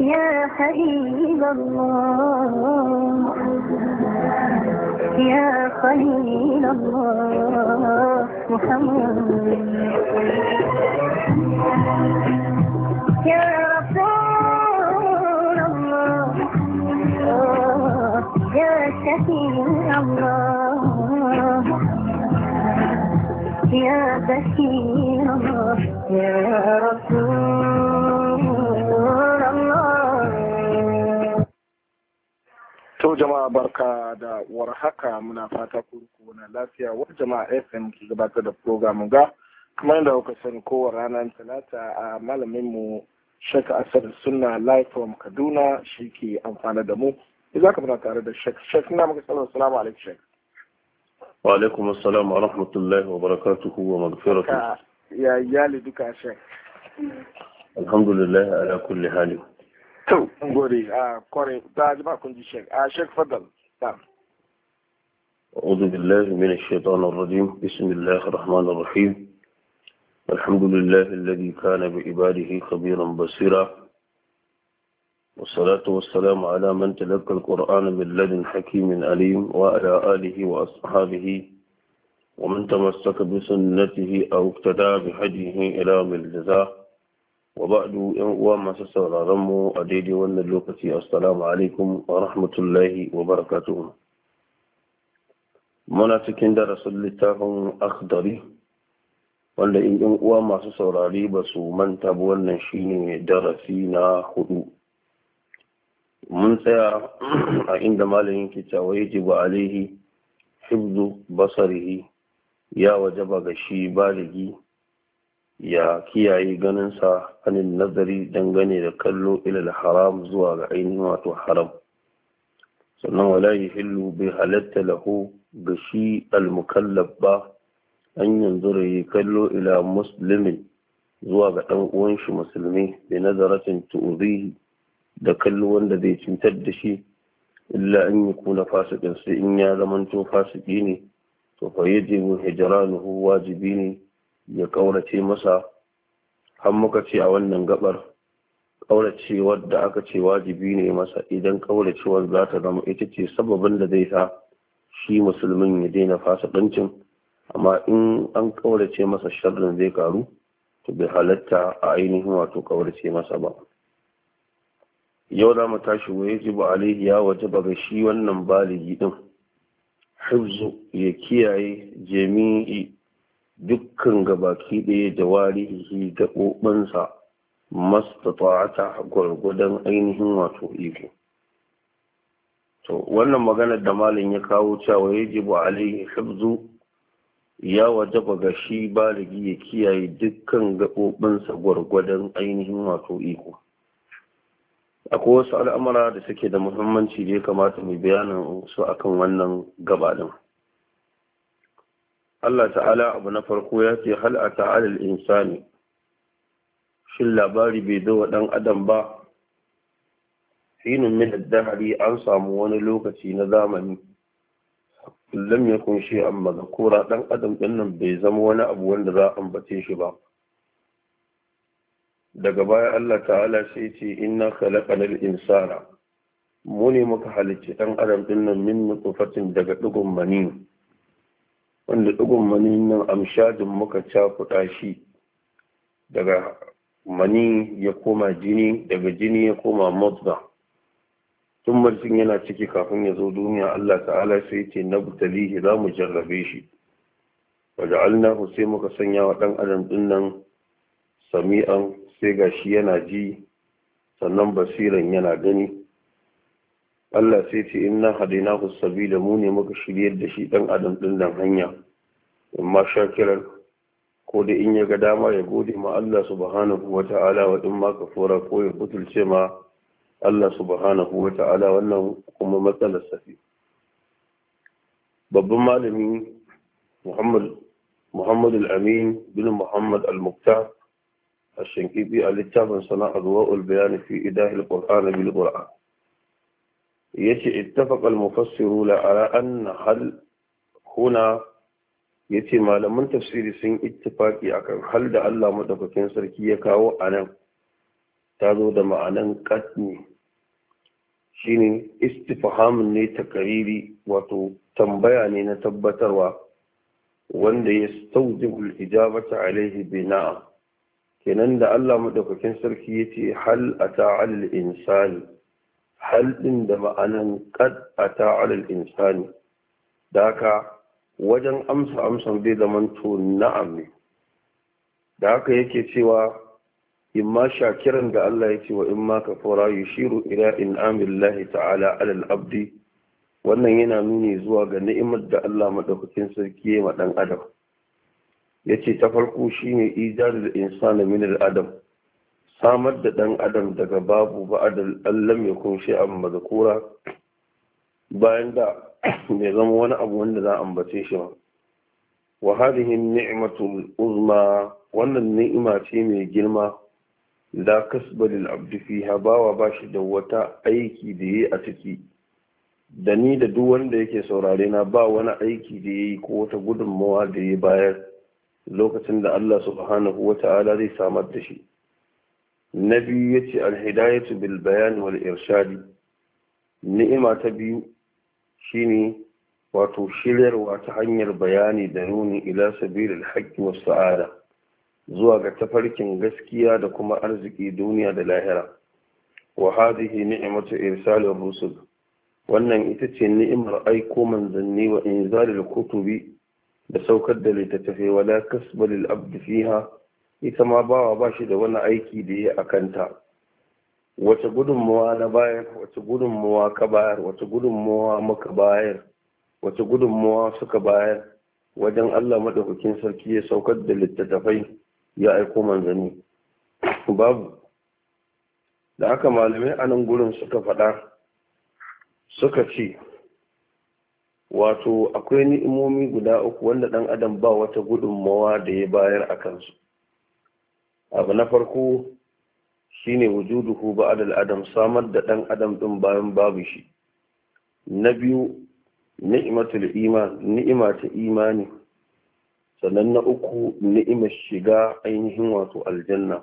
يا حبيب الله يا خليل الله محمد يا رسول الله يا شفيع الله يا بشير الله يا رسول To jama'a barka da warhaka muna fata kurku na lafiya wa jama'a FM ke gabatar da program ga kamar yadda kuka sani kowa ranar talata a malamin mu Sheikh Asad Sunna Life from Kaduna shi ke amfana da mu. Za ka muna tare da Sheikh. Sheikh na muka sallar salamu alaikum Sheikh. Wa alaikum assalam wa rahmatullahi wa barakatuhu wa maghfiratuhu. Ya iyali duka Sheikh. Alhamdulillah ala kulli hali. Uh, uh, أعوذ بالله من الشيطان الرجيم بسم الله الرحمن الرحيم الحمد لله الذي كان بعباده خبيرا بصيرا والصلاة والسلام على من تلقى القرآن من لدن حكيم عليم وعلى آله وأصحابه ومن تمسك بسنته أو اقتدى بهديه إلى من wa ba'du yan uwa masu sauraron mu a daidai wannan lokaci assalamu alaikum wa rahmatullahi wa barakatuh muna cikin darasin littafin akhdari wanda in 'yan uwa masu saurari ba su manta ba wannan shine darasi na hudu mun tsaya a inda malamin ke cewa yake ba alaihi hibzu basarihi ya wajaba ga shi baligi ya kiyaye ganin sa hannun nazari dangane da kallo ilal haram zuwa ga ainihin wato haram sannan wala hillu bai halatta lahu ga shi almukallaf ba an yanzu rayi kallo ila muslimin zuwa ga ɗan uwan shi musulmi da nazaratin tu'zihi da kallo wanda zai cutar da shi illa an yi kuna fasikin sai in ya zamanto fasiki ne to fa yajibu hijranuhu wajibi ne ya ƙaurace masa har muka ce a wannan gabar ƙauracewar da aka ce wajibi ne masa idan ƙauracewar za ta zama ita ce sababin da zai sa shi musulmin ya daina fasa ɗancin amma in an ƙaurace masa sharrin zai ƙaru to bai halatta a ainihin wato ƙaurace masa ba yau za mu tashi wa yajibu alaihi ya waje ba ga shi wannan baligi din hifzu ya kiyaye jami'i dukkan gabaki ɗaya jawarihi gaɓoɓinsa mastata'ata gwargwadon ainihin wato iko to wannan maganar da malin ya kawo cewa ji alaihi hifzu ya wajaba ga shi baligi ya kiyaye dukkan gaɓoɓinsa gwargwadon ainihin wato iko akwai wasu al'amura da suke da muhimmanci da ya kamata mu bayanin su akan wannan gabaɗin Allah ta'ala abu na farko ya ce hal a ta'alil insani shin labari bai zo wa ɗan adam ba hinin min dahari an samu wani lokaci na zamani lam ya kunshi amma kora ɗan adam ɗin nan bai zama wani abu wanda za a ambace shi ba daga baya Allah ta'ala sai ce inna khalaqanal insana mu ne muka halicci ɗan adam ɗin nan min nutfatin daga ɗigon mani wanda ɗigon mani nan amshadin muka cakuɗa shi daga mani ya koma jini daga jini ya koma mazda tun marcin yana ciki kafin ya zo duniya Allah ta'ala sai ce na butalihi za mu jarrabe shi wadda alnahu sai muka sanya wa ɗan adam ɗin nan sami'an sai ga shi yana ji sannan basiran yana gani Allah sai ce inna hadinahu sabila mu ne muka shiryar da shi ɗan adam ɗin nan hanya imma shakiran ko da in ya ga dama ya gode ma Allah subhanahu wa ta'ala wa in ma kafura ko ya butulce ma Allah subhanahu wa ta'ala wannan kuma matsalar safi babban malami Muhammad Muhammad al-Amin bin Muhammad a. muqtar الشنكيبي littafin صنع أضواء البيان في إداه القرآن بالقرآن يتي اتفق المفسرون على أن هل هنا yace ce malaman tafsiri sun ittifaki akan hal da Allah madaukakin sarki ya kawo anan nan ta zo da ma'anan katni shine istifhamun ne takariri wato tambaya ne na tabbatarwa wanda ya al ijabata alayhi bina kenan da Allah madaukakin sarki yace hal ata al-insan hal din da ma'anan qad ata al-insan da haka wajen amsa amsan zai zamanto na'am ne da haka yake cewa in ma kiran da Allah ya ce wa in ma kafara yushiru ila in'amillahi ta'ala alal abdi wannan yana nuni zuwa ga ni'imar da Allah madaukakin sarki ya ma dan adam yace ta farko shine ijadul insani min al adam samar da dan adam daga babu adal allam yakun shay'an mazkura bayan da bai zama wani abu wanda za a ambace shi ba wa hadhihi ni'matul uzma wannan ni'ima ce mai girma la kasba lil abdi fiha bawa bashi da wata aiki da yayi a ciki da ni da duk wanda yake saurare na ba wani aiki da yayi ko wata gudunmawa da yayi bayar lokacin da Allah subhanahu wata'ala zai samar da shi na biyu yace al hidayatu bil bayan wal irshadi ni'ima ta biyu shine wato shiryarwa ta hanyar bayani da nuni ila sabilil haqqi was sa'ada zuwa ga tafarkin gaskiya da kuma arziki duniya da lahira wa hadhihi ni'matu irsalir rusul wannan ita ce ni'imar aiko manzanni wa inzalil kutubi da saukar da littattafai wala kasbalil abdi fiha ita ma bawa ba shi da wani aiki da ya akanta wace gudunmawa na bayar wace gudunmawa ka bayar wace gudunmawa muka bayar wace gudunmawa suka bayar wajen Allah madaukakin sarki ya saukar da littattafai ya aiko manzanni babu da haka malamai a nan gurin suka faɗa suka ce wato akwai ni'imomi guda uku wanda ɗan adam ba wata gudunmawa da ya bayar a kansu abu na farko shine wujuduhu ba'da al-adam samar da dan adam din bayan babu shi na biyu ni'matul iman ni'ima ta imani sannan na uku ni'imar shiga ainihin wato aljanna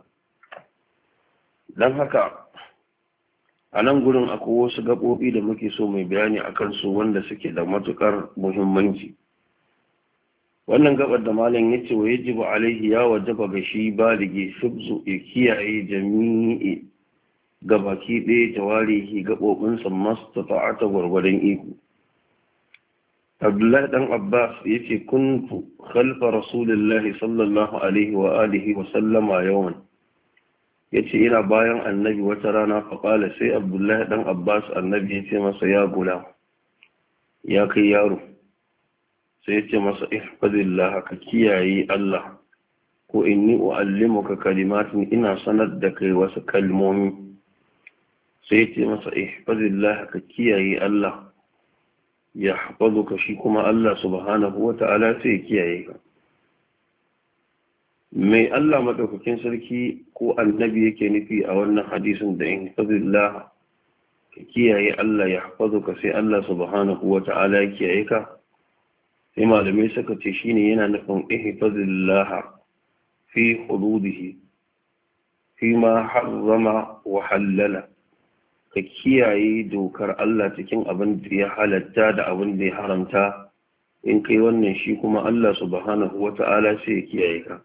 dan haka a nan gurin akwai wasu gabobi da muke so mai bayani akan su wanda suke da matukar muhimmanci wannan gabar da malam ya ce wa alaihi ya wajaba ga shi baligi shubzu ya kiyaye jami'i ga baki ɗaya tawarihi gaɓoɓinsa masu ta'ata gwargwadon iko abdullahi dan abbas ya ce kuntu khalfa rasulillahi sallallahu alaihi wa alihi wa sallama yawan ya ce ina bayan annabi wata rana faƙala sai abdullahi dan abbas annabi ya ce masa ya gula ya kai yaro sai ce masa ihfazillah ka kiyaye Allah ko inni uallimuka kalimatin ina sanar da kai wasu kalmomi sai ce masa ihfazillah ka kiyaye Allah ya hafazu ka shi kuma Allah subhanahu ta'ala sai kiyaye ka mai Allah madaukakin sarki ko annabi yake nufi a wannan hadisin da in ihfazillah ka kiyaye Allah ya hafazu ka sai Allah subhanahu ya kiyaye ka sai malamai suka ce shine yana nufin ihfazillah fi hududihi fi ma harrama wa halala ka kiyaye dokar Allah cikin abin da ya halatta da abin da ya haramta in kai wannan shi kuma Allah subhanahu wata'ala sai ya kiyaye ka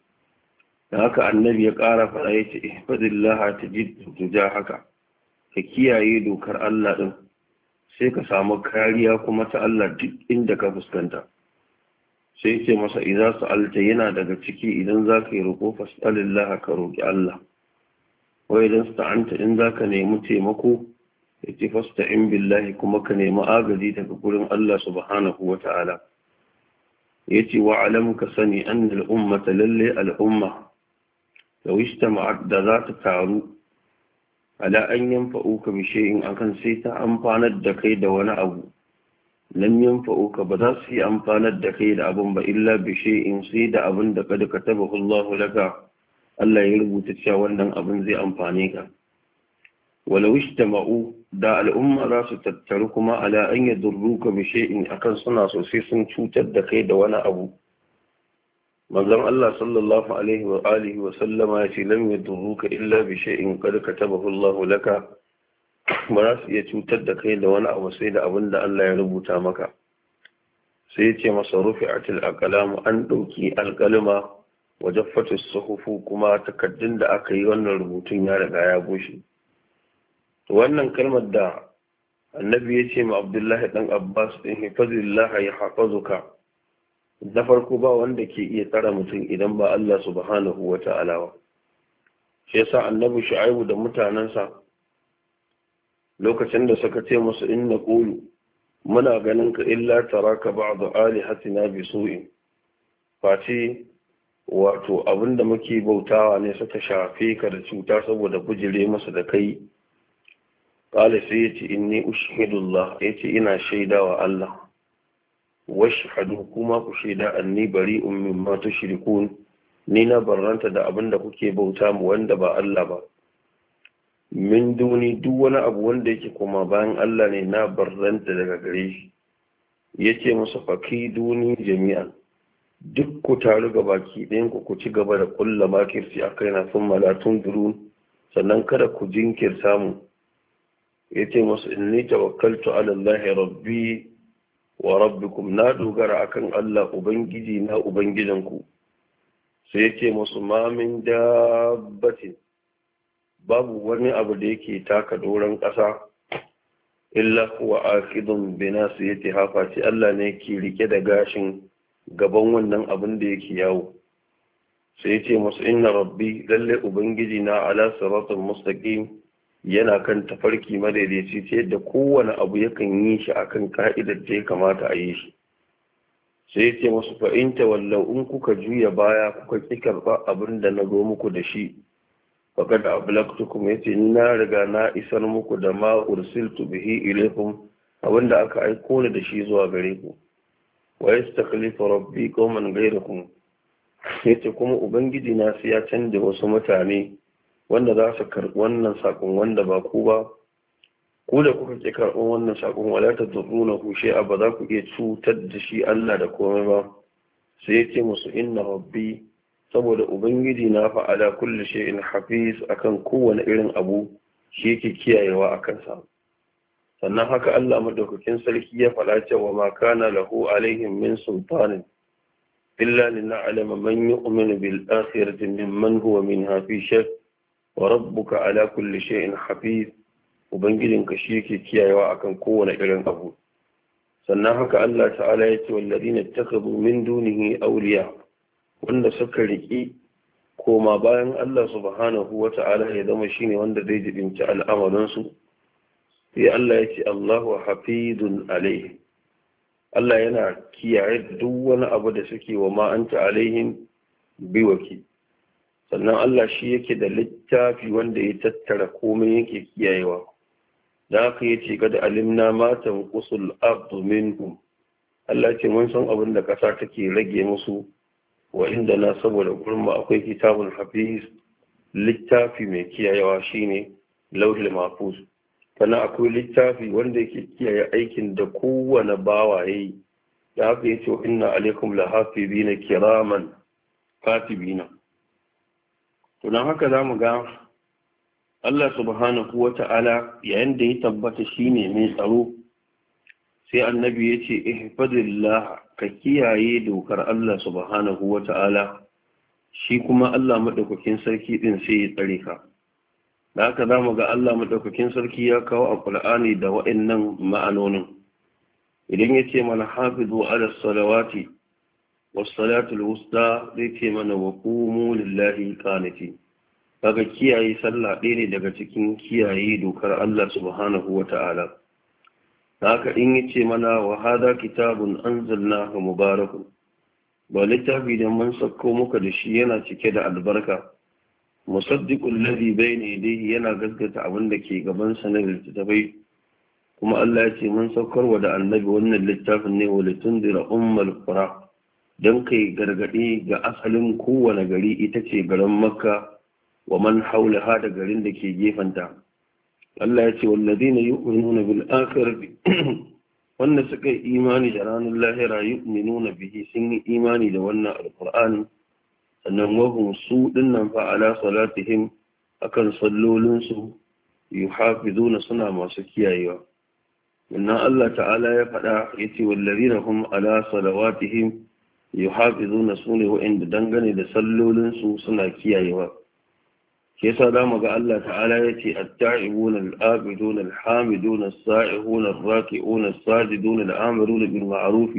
da haka annabi ya ƙara faɗa ya ce ihfadillaha tajid haka ka kiyaye dokar Allah din sai ka samu kariya kuma ta Allah duk inda ka fuskanta sai ce masa su alta yana daga ciki idan zaka yi roƙo fas'alillah ka roƙi Allah wai idan ta'anta in zaka nemi taimako yace fasta'in billahi kuma ka nemi agaji daga gurin Allah subhanahu Ya yace wa alam ka sani an al lallai lalle al-umma da za ta taru ala an yanfa'uka bi shay'in akan sai ta amfanar da kai da wani abu lam yanfa'uka ba za su yi amfanar da kai da abin ba illa bi in sai da abin da kada ka taba Allahu laka Allah ya rubuta cewa wannan abin zai amfane ka walau ijtama'u da al'umma za su tattaru kuma ala an yadurruka bi shay'in akan suna so sai sun cutar da kai da wani abu manzon Allah sallallahu alaihi wa alihi wa sallama ya ce lam yadurruka illa bi shay'in ka katabahu Allahu laka ba su iya cutar da kai da wani abu sai da abin da Allah ya rubuta maka sai ya ce masa rufe atil alkalamu an ɗauki alkalima wajen fatis suhufu kuma takardun da aka yi wannan rubutun ya riga ya bushe wannan kalmar da annabi ya ce ma abdullahi ɗan abbas ɗin hifazillah ya hafazuka na farko ba wanda ke iya tsara mutum idan ba Allah subhanahu wa ta'ala ba shi yasa annabi shu'aibu da mutanensa lokacin da suka ce musu in na ƙulu muna ganin ka illa tara ka ba da ali hatina bi su'in face wato abin da muke bautawa ne suka shafe ka da cuta saboda bujire masa da kai ƙali sai ya ce in ni ushidullah ya ce ina shaida wa Allah hadu, kuma ku shaida ni bari ummin ma ni na barranta da abinda kuke bauta mu wanda ba Allah ba min duni duk wani abu wanda yake koma bayan Allah ne na barranta daga gare shi ya ce musu faki duni jami'an duk ku taru ga baki ɗayan ku ku ci gaba da kulla makirci a kai na sun malatun duru sannan kada ku jinkir samu ya ce musu inni tawakkaltu ala Allah rabbi wa rabbikum na dogara akan Allah ubangiji na ubangijinku sai ya ce musu ma min dabbatin babu wani abu da yake taka doron ƙasa illa huwa aqidun bi nasiyatiha fati Allah ne ke rike da gashin gaban wannan abin da yake yawo sai yace musu inna rabbi lalle ubangiji na ala siratal mustaqim yana kan tafarki madaidaici ce yadda kowane abu yakan yi shi akan ka'idar da ya kamata a yi shi sai yace musu fa in in kuka juya baya kuka ki karba abin da na zo muku da shi faqad kuma yace ni na riga na isar muku da ma ursiltu bihi ilaykum abinda aka aiko ni da shi zuwa gare ku wa yastakhlifu rabbi qauman ghayrakum yace kuma ubangiji na sai ya canja wasu mutane wanda za su karɓi wannan saƙon wanda ba ku ba ku da kuka ke karɓar wannan sakon wala da zurruna ku a ba za ku iya cutar da shi Allah da komai ba sai yace musu inna rabbi saboda ubangiji na fa ala kulli shay'in hafiz akan kowane irin abu shi yake kiyayewa a kansa. sannan haka Allah madaukakin sarki ya faɗa cewa maka na lahu alaihim min sultanin illa alama man yu'minu bil akhirati mimman huwa shak wa rabbuka ala kulli shay'in hafiz ubangijinka shi yake kiyayewa akan kowane irin abu sannan haka Allah ta'ala ya ce wallazina ittakhadhu min dunihi awliya wanda suka riƙe. koma bayan Allah subhanahu wa ta'ala ya zama shine wanda zai jibinci al'amarinsu sai Allah ya ce Allahu hafizun alaihi Allah yana kiyaye duk wani abu da suke wa ma'anta alaihin biwaki sannan Allah shi yake da littafi wanda ya tattara komai yake kiyayewa da haka ya ce Gada alimna matan kusul abdu minhum Allah ce mun san abin da ƙasa take rage musu wa na saboda gurma akwai kitabun hafiz littafi mai kiyayewa shine lauhin mafuz sannan akwai littafi wanda yake kiyaye aikin da kowane bawa ya yi da haka ya ce inna alaikum la na kiraman katibina to don haka za mu ga Allah subhanahu wa ta'ala yayin da ya tabbata shi ne mai tsaro sai annabi ya ce ihfadillah ka kiyaye dokar Allah subhanahu wa ta'ala shi kuma Allah maɗaukakin sarki ɗin sai ya tsare ka da haka za mu ga Allah maɗaukakin sarki ya kawo a ƙul'ani da waɗannan ma'anonin idan ya ce mana hafizu ala salawati wasu salatul wusta zai ce mana wa kumu lillahi qanati kaga kiyaye sallah ɗaya ne daga cikin kiyaye dokar Allah subhanahu wa ta'ala haka in yi ce mana wa hada kitabun an zalna ka Mubaraku. ba littafi da mun sako muka da shi yana cike da albarka lafi bai ne dai yana gaskata abin da ke gaban sa na bai kuma Allah ya ce mun saukar wa da annabi wannan littafin ne wa litundira Umar qura don kai gargadi ga asalin kowane gari ita ce garin makka wa man ha da garin da ke gefanta Allah ya ce walladina yu'minuna bil akhirati wanda suka yi imani da ranar lahira yu'minuna bihi sun yi imani da wannan alqur'ani sannan wahum su dinnan fa ala salatihim akan sallolinsu yuhafizuna suna masu kiyayewa inna Allah ta'ala ya faɗa yace walladina hum ala salawatihim yuhafizuna sune waɗanda dangane da sallolinsu suna kiyayewa ke yasa za mu ga Allah ta'ala ya ce atta'ibun al'abidun alhamidun as-sa'ihun ar-raki'un as bil ma'ruf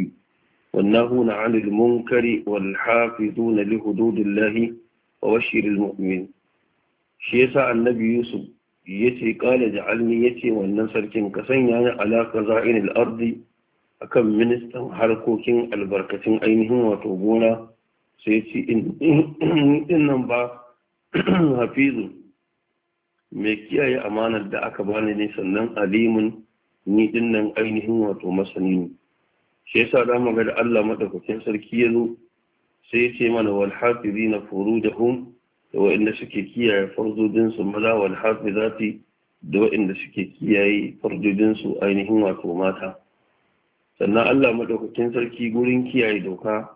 wan nahuna 'anil munkari wal hafizun li hududillahi wa bashiril mu'min shi yasa annabi Yusuf yace qala ja'alni yace wannan sarkin ka sanya ni ala qaza'inil ardi akan ministan harkokin albarkacin ainihin wato gona sai ce in nan ba hafizu mai kiyaye amanar da aka bani ne sannan alimun ni dinnan ainihin wato masani ne shi yasa da ga da Allah madaukakin sarki ya zo sai ya ce mana wal hafizina furujahum da inda suke kiyaye farzodin su maza wal hafizati da waanda suke kiyaye farzodin su ainihin wato mata sannan Allah madaukakin sarki gurin kiyaye doka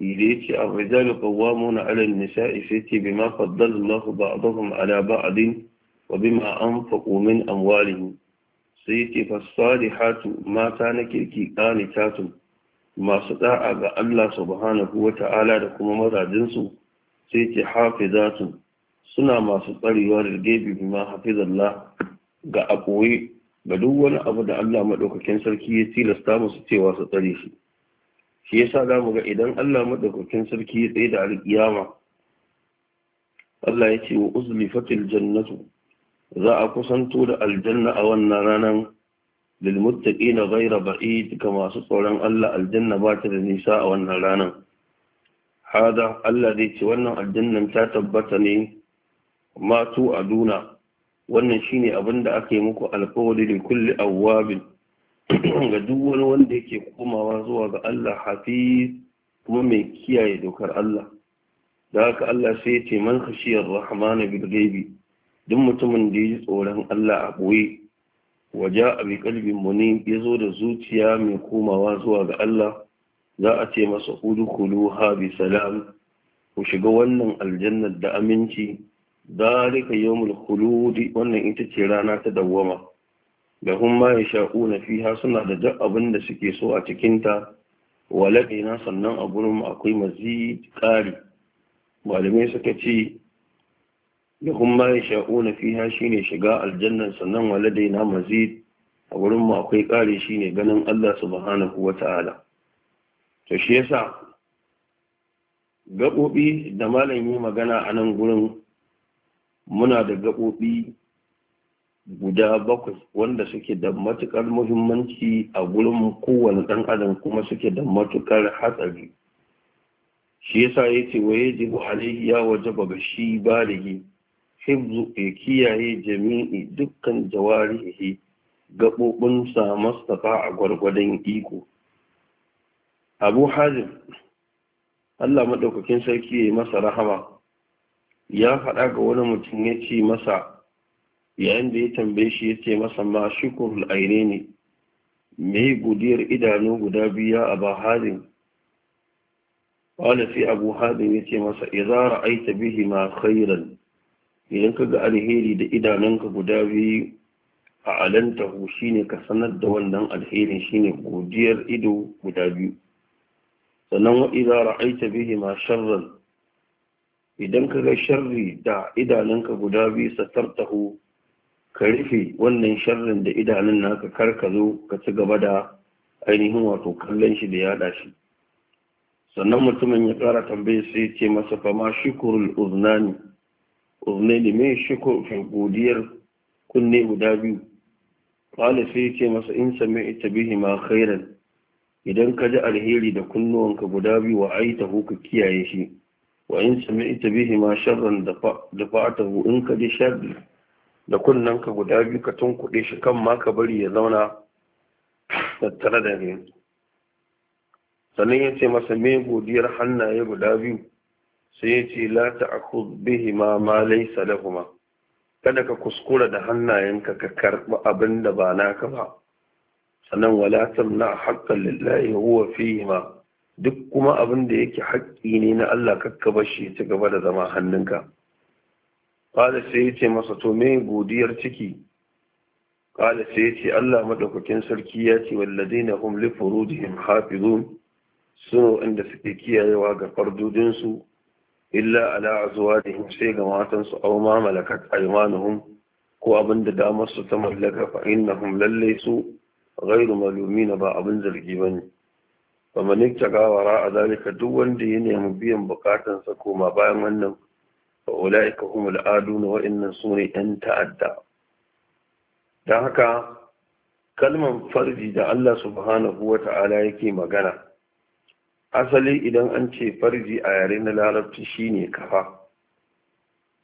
yi ce a faizali kawo muna alin nisa'i fiti bi ma faddal lafi ba a bakon alaba adin wa bi ma an faƙo min amwali sai ce fasari hatu mata na kirki ƙani tatu masu ɗa'a ga allah subhanahu wa ta'ala da kuma mazajinsu sai ce hafi zatu suna masu tsarewa da gebe bi ma hafi zalla ga a ga duk wani abu da allah maɗaukakin sarki ya tilasta musu cewa su tsare shi shi yasa za mu ga idan Allah maɗaukakin sarki ya tsaye da alƙiyama Allah ya ce wa fatil jannatu za a kusanto da aljanna a wannan ranar na Zaira ba'i ga masu tsoron Allah aljanna ba ta da nisa a wannan ranar hada Allah zai ce wannan aljannan ta tabbata ne matu a aduna wannan shine abin da aka yi muku alƙawari da kulli awwabin ga duk wani wanda yake komawa zuwa ga Allah hafiz kuma mai kiyaye dokar Allah da haka Allah sai ya ce man khashiyar rahmanu bil ghaibi duk mutumin da ya ji tsoron Allah a boye waja abi bi kalbin muni ya zo da zuciya mai komawa zuwa ga Allah za a ce masa udkhulu ha bi salam ku shiga wannan aljannar da aminci dalika yawmul khuludi wannan ita ce rana ta dawwama da hun ma ya fiha suna da duk abin da suke so a cikinta walaɗina sannan a gurin akwai mazi ƙari malamai suka ce da hun ma ya fiha shine shiga aljannan sannan waladaina mazi a gurin mu akwai ƙari shine ganin Allah subhanahu wa ta'ala to shi yasa gaɓoɓi da malam magana a nan gurin muna da gaɓoɓi guda bakwai wanda suke da matukar muhimmanci a gurin kowane ɗan adam kuma suke da matukar hatsari shi yasa ya ce wa yajibu alaihi ya waje ga shi ba yi hibzu ya kiyaye jami'i dukkan jawarihi sa mastafa a gwargwadon iko abu hajjim allah maɗaukakin sarki ya yi masa rahama ya faɗa ga wani mutum ya ce masa yayin da ya tambaye shi ya ce masa ma shukurul aine ne me godiyar idanu guda biya a ba hadin wanda sai abu hadin ya ce masa izara aita bihi ma khairan idan ka ga alheri da idanunka guda biyu a alantahu shine ka sanar da wannan alherin shine godiyar ido guda biyu sannan wa izara aita bihi ma sharran idan ka ga sharri da idanunka guda biyu satartahu ka rufe wannan sharrin da idanun naka kar ka zo ka ci gaba da ainihin wato kallon shi da yada shi sannan mutumin ya kara tambaye sai ce masa fama shukurul uznani ne mai shukur godiyar kunne guda biyu kwale sai ce masa in sami ita bihi ma khairan idan ka ji alheri da kunnuwanka guda biyu wa aita ka kiyaye shi wa in sami ita bihi ma sharran da fa'atahu in ka ji sharri da ka guda biyu ka tunkuɗe shi kan ma ka bari ya zauna tattare da ni sannan ya ce masa me godiyar hannaye guda biyu sai ya ce la aku bihi ma da kuma. kada ka kuskura da hannayenka ka karɓi abin da ba naka ba sannan wala tamna haqqan lillahi huwa ma duk kuma abin da yake haƙƙi ne na Allah kakka bar shi ci gaba da zama hannunka kala sai ya ce masa to me godiyar ciki kala sai ya ce Allah madaukakin sarki ya ce walladina hum li furudihim hafizun su inda suke kiyayewa ga fardudin su illa ala azwajihim sai ga matan su aw ma malakat aymanuhum ko abin da damar su ta mallaka fa innahum lallai su ghairu malumina ba abin zargi bane fa man ittaqawara a zalika duk wanda ya nemi biyan bukatansa koma bayan wannan ula'ika humul aduna wa'annan su ne 'yan ta'adda don haka kalman farji da Allah subhanahu wa ta'ala yake magana asali idan an ce farji a yare na larabci shine kafa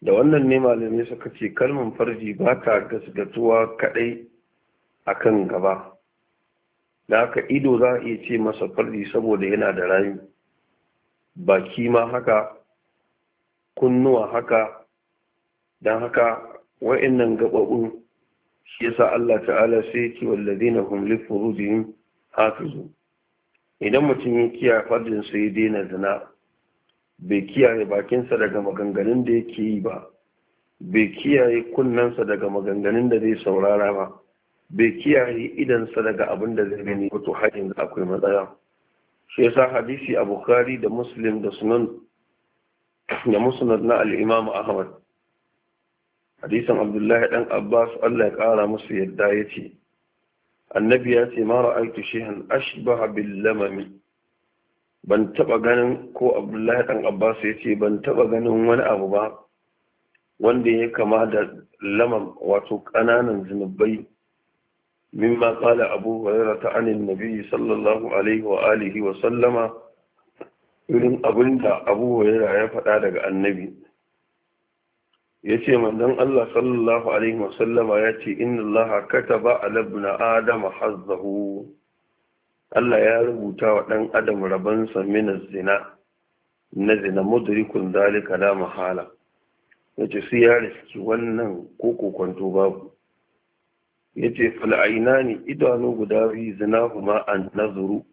da wannan ne malamai suka ce kalman farji ba ta gasgatuwa a kan gaba da haka ido za a iya ce masa farji saboda yana da rayu baki ma haka kunnuwa haka don haka wa'annan gaɓaɓu shi yasa Allah ta'ala sai ce wallazina hum li furujihim hafizu idan mutum ya kiyaye fadinsa sa ya daina zina bai kiyaye bakinsa daga maganganun da yake yi ba bai kiyaye kunnensa daga maganganun da zai saurara ba bai kiyaye idansa daga abin da zai gani wato har yanzu akwai matsaya shi yasa hadisi a bukhari da muslim da sunan da musnad na al-imam ahmad hadisin abdullahi ɗan abbas Allah ya ƙara musu yadda yace annabi ya ce mara aiki shay'an ashbaha bil lamami ban taɓa ganin ko abdullahi ɗan abbas yace ban taba ganin wani abu ba wanda ya kama da lamam wato ƙananan zunubai Min qala abu hurairah ta anin nabi sallallahu alaihi wa sallama irin abin da abu huraira ya faɗa daga annabi ya ce manzan Allah sallallahu alaihi wasallama ya ce inna Allah ba a labna adama hazzahu Allah ya rubuta wa ɗan adam rabansa min zina na zina mudrikun zalika la mahala yace su ya riski wannan koko kwanto babu ce, fal'aina ne idanu guda biyu zina kuma an nazuru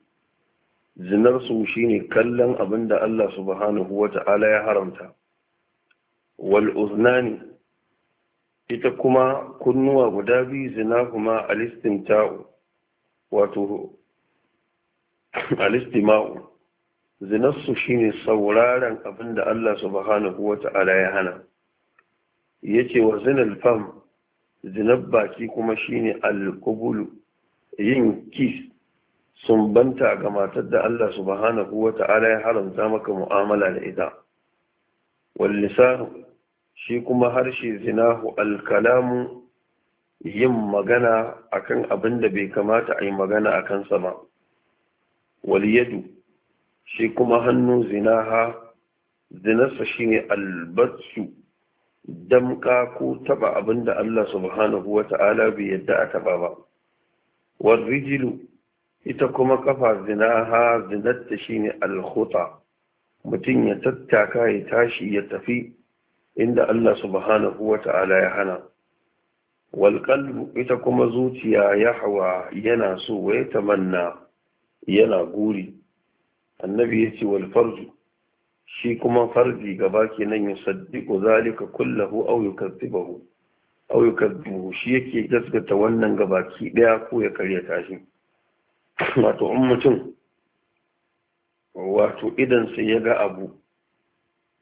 zinarsu ne kallon abin da Allah subhanahu wa ta'ala ya haramta wal’uznani ita kuma kunnuwa guda biyu zina kuma alistima'u zinarsu shine sauraren abin da Allah subhanahu wa ta'ala ya hana Ya ce wa zinal fam zinar baki kuma shi ne alqubulu yin kist sun banta ga matar da Allah subhanahu wa ta'ala ya haramta maka mu'amala da ita wallisanu shi kuma harshe zinahu alkalamu yin magana akan abin da bai kamata a yi magana a kansa ba waliyadu shi kuma hannu zinaha zinarsa shi ne albatsu damka ko taba abin da Allah subhanahu wa ta'ala bai yadda a taba ba warrijilu ita kuma kafa zinaha zinatta shine alkhuta mutum ya tattaka ya tashi ya tafi inda Allah subhanahu wata'ala ya hana wal ita kuma zuciya ya hawa yana so ta tamanna yana guri annabi yace wal farju shi kuma farzi gaba kenan ya saddiqu zalika kullahu aw yukaththibahu aw yukaththibuhu shi yake gaskata wannan gabaki daya ko ya karyata shi wato in mutum wato idansa ya ga abu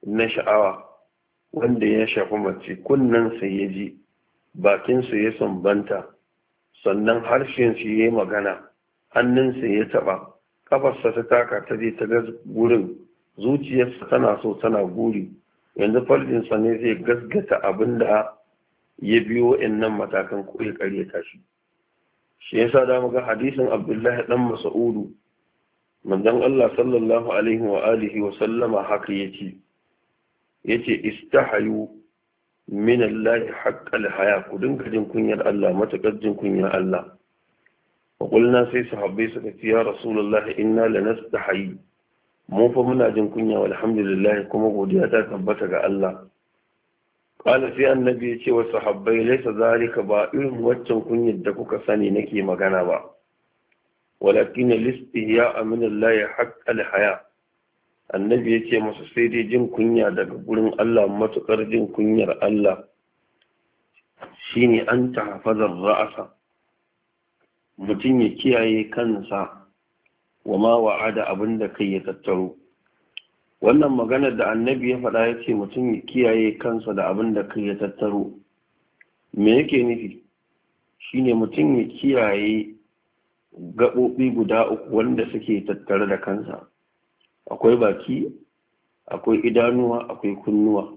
na sha'awa wanda ya shafi mace kunnensa ya ji bakinsa ya sambanta sannan harshensa ya yi magana hannunsa ya taba kafarsa ta taka ta je ta ga gurin zuciyarsa tana so tana guri yanzu farjinsa ne zai gasgata abin da ya biyo nan matakan ko ya tashi. shi shi yasa da ga hadisin abdullahi dan mas'udu manzon Allah sallallahu alaihi wa alihi wa sallama haka yace yace istahayu min Allah haqqal haya ku dinga jin kunyar Allah matakar jin kunyar Allah wa qulna sai sahabbai suka ce ya rasulullah inna lanastahi mu fa muna jin kunya walhamdulillah kuma godiya ta tabbata ga Allah ƙwala sai annabi ya ce wa sahabbai laisa zalika ba irin waccan kunyar da kuka sani nake magana ba walakin listi ya aminin ya haƙƙal haya annabi ya ce masa sai dai jin kunya daga gurin allah matuƙar jin kunyar allah shine an ta hafazar ra'asa mutum ya kiyaye kansa wa ma wa'ada abin da kai ya tattaro wannan maganar da annabi ya faɗa ya ce mutum ya kiyaye kansa da abin da kai ya tattaro me yake nufi shine mutum ya kiyaye gaɓoɓi guda uku wanda suke tattare da kansa akwai baki akwai idanuwa akwai kunnuwa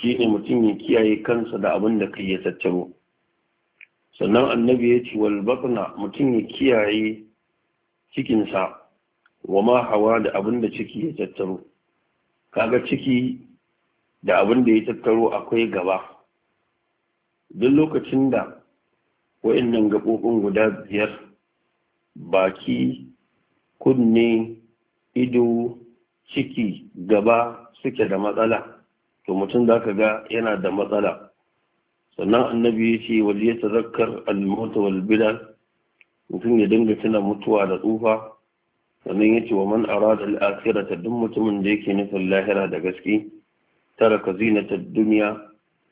shine mutum ya kiyaye kansa da abin da kai ya tattaro sannan annabi ya ce walbakna mutum ya kiyaye cikinsa wa ma hawa da abin da ciki ya tattaro kaga ciki da abin da ya tattaro akwai gaba duk lokacin da wa'annan gaɓoɓin guda biyar baki kunne ido ciki gaba suke da matsala to mutum za ka ga yana da matsala sannan annabi ya ce waje ya al-mautu wal mutum ya dinga tuna mutuwa da tsufa sannan ya ce wa man arada ta duk mutumin da yake nufin lahira da gaske taraka zinata duniya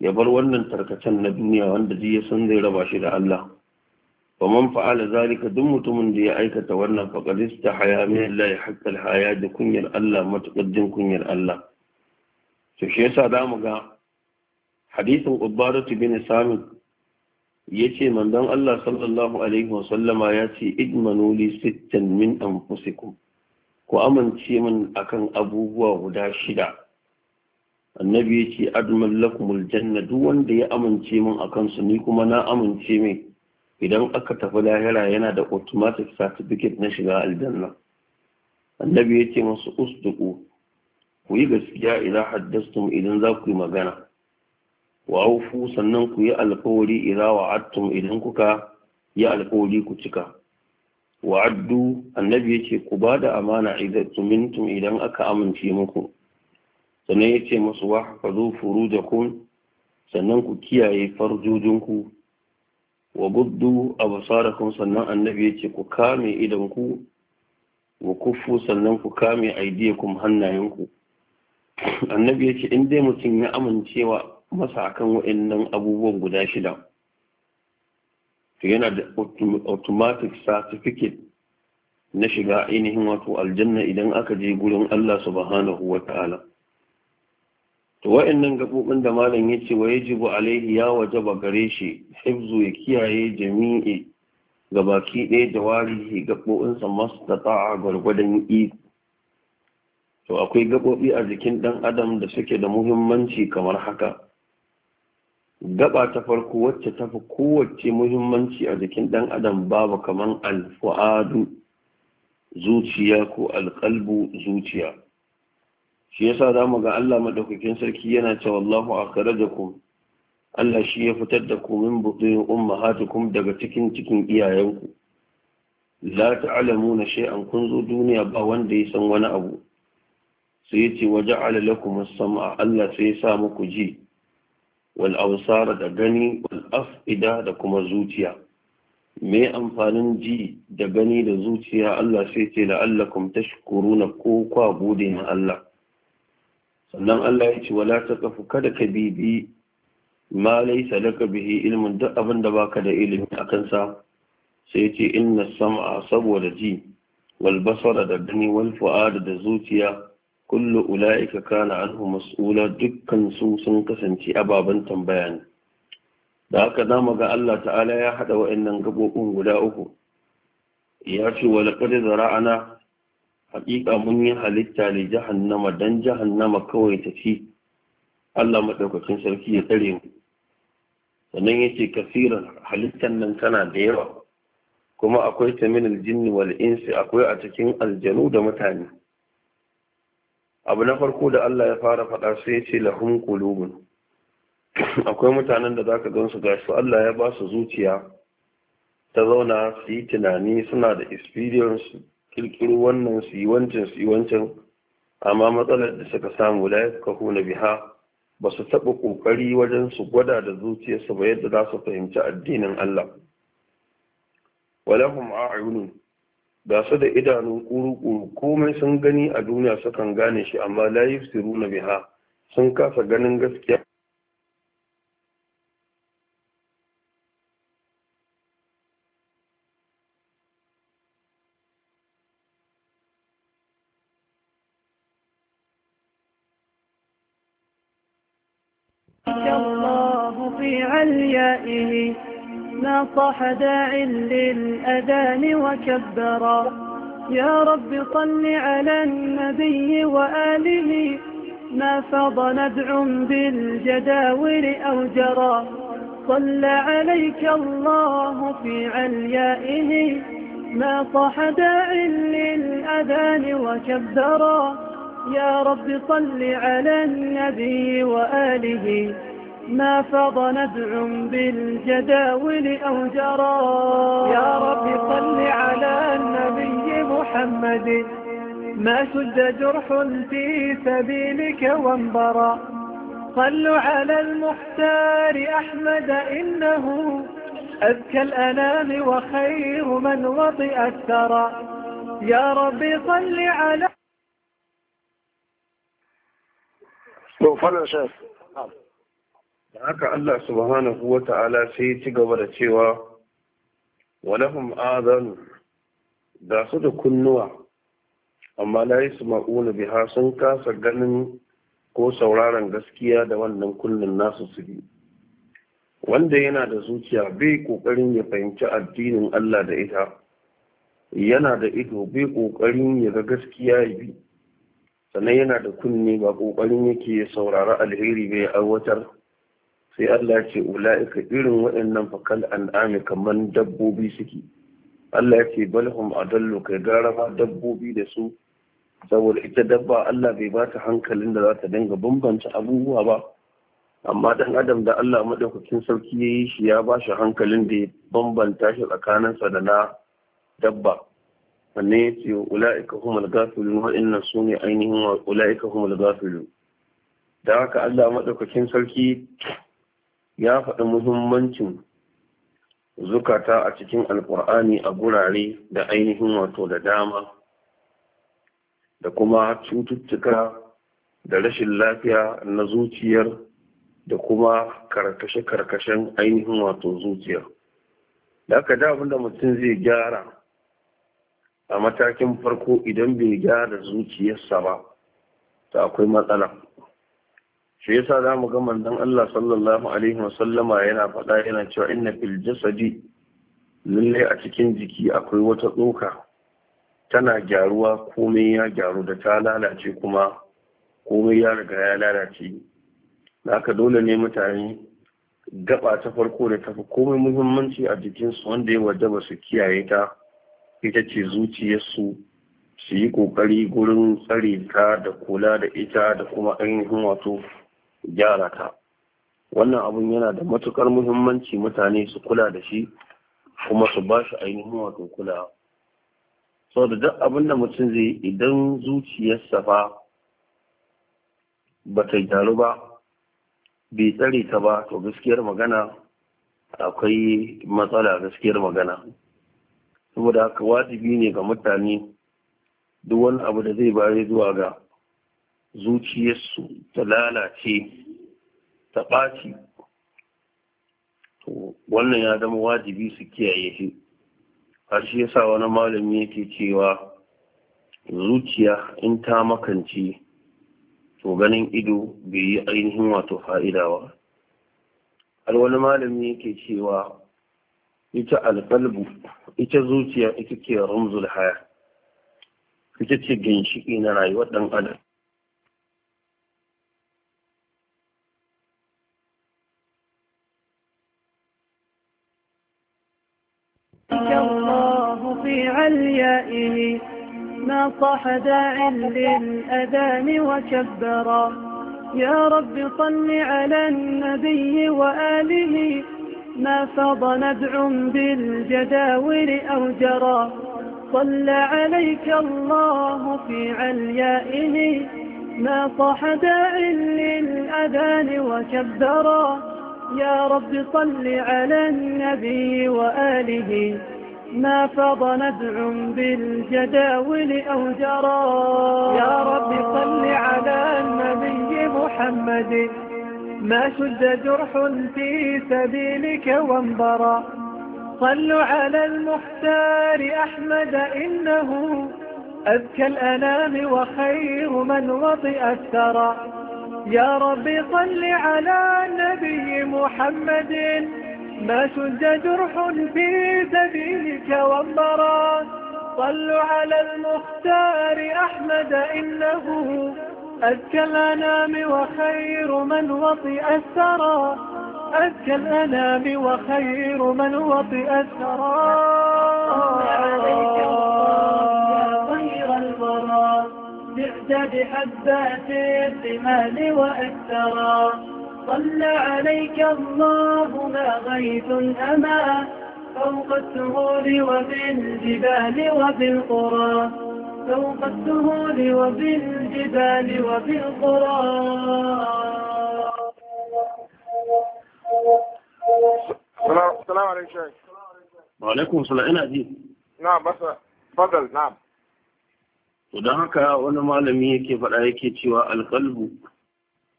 ya bar wannan tarkacen na duniya wanda ji ya san zai raba shi da Allah wa man fa'ala zalika duk mutumin da ya aikata wannan faqad istahaya min Allah haqqal haya da kunyar Allah matuƙaddin kunyar Allah to shi yasa zamu ga hadisin Ubbadatu bin Samit ya ce mandan Allah sallallahu Alaihi wasallama ya ce idmanoli sittin min anfusikum ku amince min akan abubuwa guda shida annabi ya ce adman lakumul janna duk wanda ya amince min akan su ni kuma na amince mai idan aka tafi lahira yana da automatic certificate na shiga aljanna annabi ya ce masu usduku ku yi gaskiya idan haddastum idan za ku yi magana wa aufu sannan ku yi alkawari idza wa'adtum idan kuka yi alkawari ku cika wa'addu annabi yace ku ba da amana idan tumintum idan aka amince muku sannan yace musu wahfazu furujakum sannan ku kiyaye farjojinku wa guddu absarakum sannan annabi yace ku kame idan ku wa kuffu sannan ku kame aidiyakum hannayenku annabi yace in dai mutum ya amincewa masa akan wa'annan abubuwan guda shida to yana da automatic certificate na shiga ainihin wato aljanna idan aka je gurin Allah subhanahu wa ta'ala to wa'annan gabobin da malam ya ce wa ya yajibu alaihi ya ba gare shi hifzu ya kiyaye jami'i ga baki ɗaya jawarihi gabobin sa mastata'a gwargwadon iko to akwai gaɓoɓi a jikin ɗan adam da suke da muhimmanci kamar haka gaba ta farko wacce ta fi kowace muhimmanci a jikin ɗan adam babu kamar alfu'adu zuciya ko alƙalbu zuciya shi yasa za mu ga Allah madaukakin sarki yana cewa Allahu akhrajakum Allah shi ya fitar da ku min butun kuma daga cikin cikin iyayenku la ta'lamuna shay'an kun zo duniya ba wanda ya san wani abu sai ya ce waja'ala lakum as-sam'a Allah sai ya sa muku ji wal'ausara da gani wal da kuma zuciya me amfanin ji da gani da zuciya Allah sai ce la'allakum tashkuruna ko kwa gode na Allah sannan Allah ya ce wala kafu kada ka bibi ma laysa laka bihi duk abin da baka da ilimi akan sa sai ce inna sam'a saboda ji walbasara da gani wal da zuciya kullu ula'ika kana anhu mas'ula dukkan su sun kasance ababen tambaya ne da haka zamu ga Allah ta'ala ya hada wa'annan gabobin guda uku ya ce wa laqad zara'ana haqiqa mun yi halitta ne jahannama dan jahannama kawai ta ci Allah madaukakin sarki ya tsare mu sannan yace kasiran halittan nan tana da yawa kuma akwai ta min akwai a cikin aljanu da mutane abu na farko da Allah ya fara faɗa sai ya ce lahum qulubun akwai mutanen da zaka ga su Allah ya ba su zuciya ta zauna su yi tunani suna da experience kirkiro wannan su yi wancan su yi wancan amma matsalar da suka samu la na biha ba su taɓa ƙoƙari wajen su gwada da zuciyarsu ba yadda za su fahimci addinin Allah. Walahum a'yunun ga su da idanu kuru-kuru komai sun gani a duniya sukan gane shi amma la yufsiruna biha sun kasa ganin gaskiya صاح داع للأذان وكبرا يا رب صل على النبي وآله ما فاض ندع بالجداول أو جرى صلى عليك الله في عليائه ما صاح داع للأذان وكبرا يا رب صل على النبي وآله ما فض ندع بالجداول أو جرى يا رب صل على النبي محمد ما شد جرح في سبيلك وانبرى صلوا على المختار أحمد إنه أذكى الأنام وخير من وطئ الثرى يا رب صل على مغفر يا شيخ haka Allah subhanahu wa ta'ala sai ci gaba da cewa walahum Adanu, da su da kunnuwa amma la yasma'una biha sun kasa ganin ko sauraron gaskiya da wannan kullun nasu su bi wanda yana da zuciya bai kokarin ya fahimci addinin Allah da ita yana da ido bai kokarin ya ga gaskiya ya bi sannan yana da kunne ba ƙoƙarin yake saurara alheri bai aiwatar sai Allah ya ce ula'ika irin waɗannan fakal an'ami kaman dabbobi suke Allah ya ce balhum adallu kai garaba dabbobi da su saboda ita dabba Allah bai ba ta hankalin da za ta dinga bambanta abubuwa ba amma dan adam da Allah madaukakin sarki ya yi shi ya ba shi hankalin da ya bambanta shi tsakaninsa da na dabba sannan ya ce ula'ika humul gafilun waɗannan su ne ainihin ula'ika humul gafilun da haka Allah madaukakin sarki ya faɗi muhimmancin zukata a cikin alkur'ani a gurare da ainihin wato da dama da kuma cututtuka da rashin lafiya na zuciyar da kuma karkashe-karkashen ainihin wato zuciyar da aka da abinda mutum zai gyara a matakin farko idan bai gyara zuciyarsa ba ta akwai matsala shi yasa za mu ga manzon Allah sallallahu alaihi sallama yana faɗa yana cewa inna fil jasadi lallai a cikin jiki akwai wata tsoka tana gyaruwa komai ya gyaru da ta lalace kuma komai ya riga ya lalace haka dole ne mutane gaba ta farko da tafi komai muhimmanci a jikinsu wanda ya wajaba su kiyaye ta ita ce zuciyarsu su yi ƙoƙari gurin tsare ta da kula da ita da kuma ainihin wato gyara ta wannan abun yana da matukar muhimmanci mutane su kula da shi kuma su ba shi ainihin wato kula so da duk abin da mutum zai idan zuciyarsa fa ba ta gyaru ba bai tsare ta ba to gaskiyar magana akwai matsala gaskiyar magana saboda haka wajibi ne ga mutane duk wani abu da zai bayar zuwa ga zuciyarsu ta lalace ta ɓaci wannan ya zama wajibi su kiyaye shi har shi yasa wani malami yake cewa zuciya in ta makance to ganin ido bai yi ainihin wato fa'ida ba har wani malami yake cewa ita alƙalbu ita zuciya ita ke rumzul haya ita ce ginshiki na rayuwar ɗan adam صاح داع للأذان وكبرا يا رب صل على النبي وآله ما فاض ندع بالجداول أو جرى صلى عليك الله في عليائه ما صاح داع للأذان وكبرا يا رب صل على النبي وآله ما فض نزع بالجداول أو جرى يا رب صل على النبي محمد ما شد جرح في سبيلك وانبرى صلوا على المختار أحمد إنه أذكى الأنام وخير من وطئ الثرى يا رب صل على النبي محمد ما شد جرح في سبيلك والمرى صلوا على المختار أحمد إنه أذكى الأنام وخير من وطئ الثرى أذكى الأنام وخير من وطئ الثرى بعد بحبات الرمال وأكثرا صلى عليك الله ما غيث أما فوق السهول وفي الجبال وفي القرى فوق السهول وفي الجبال وفي القرى السلام عليكم شيخ وعليكم السلام عليكم ji na basa fadal na to dan haka wani malami yake faɗa yake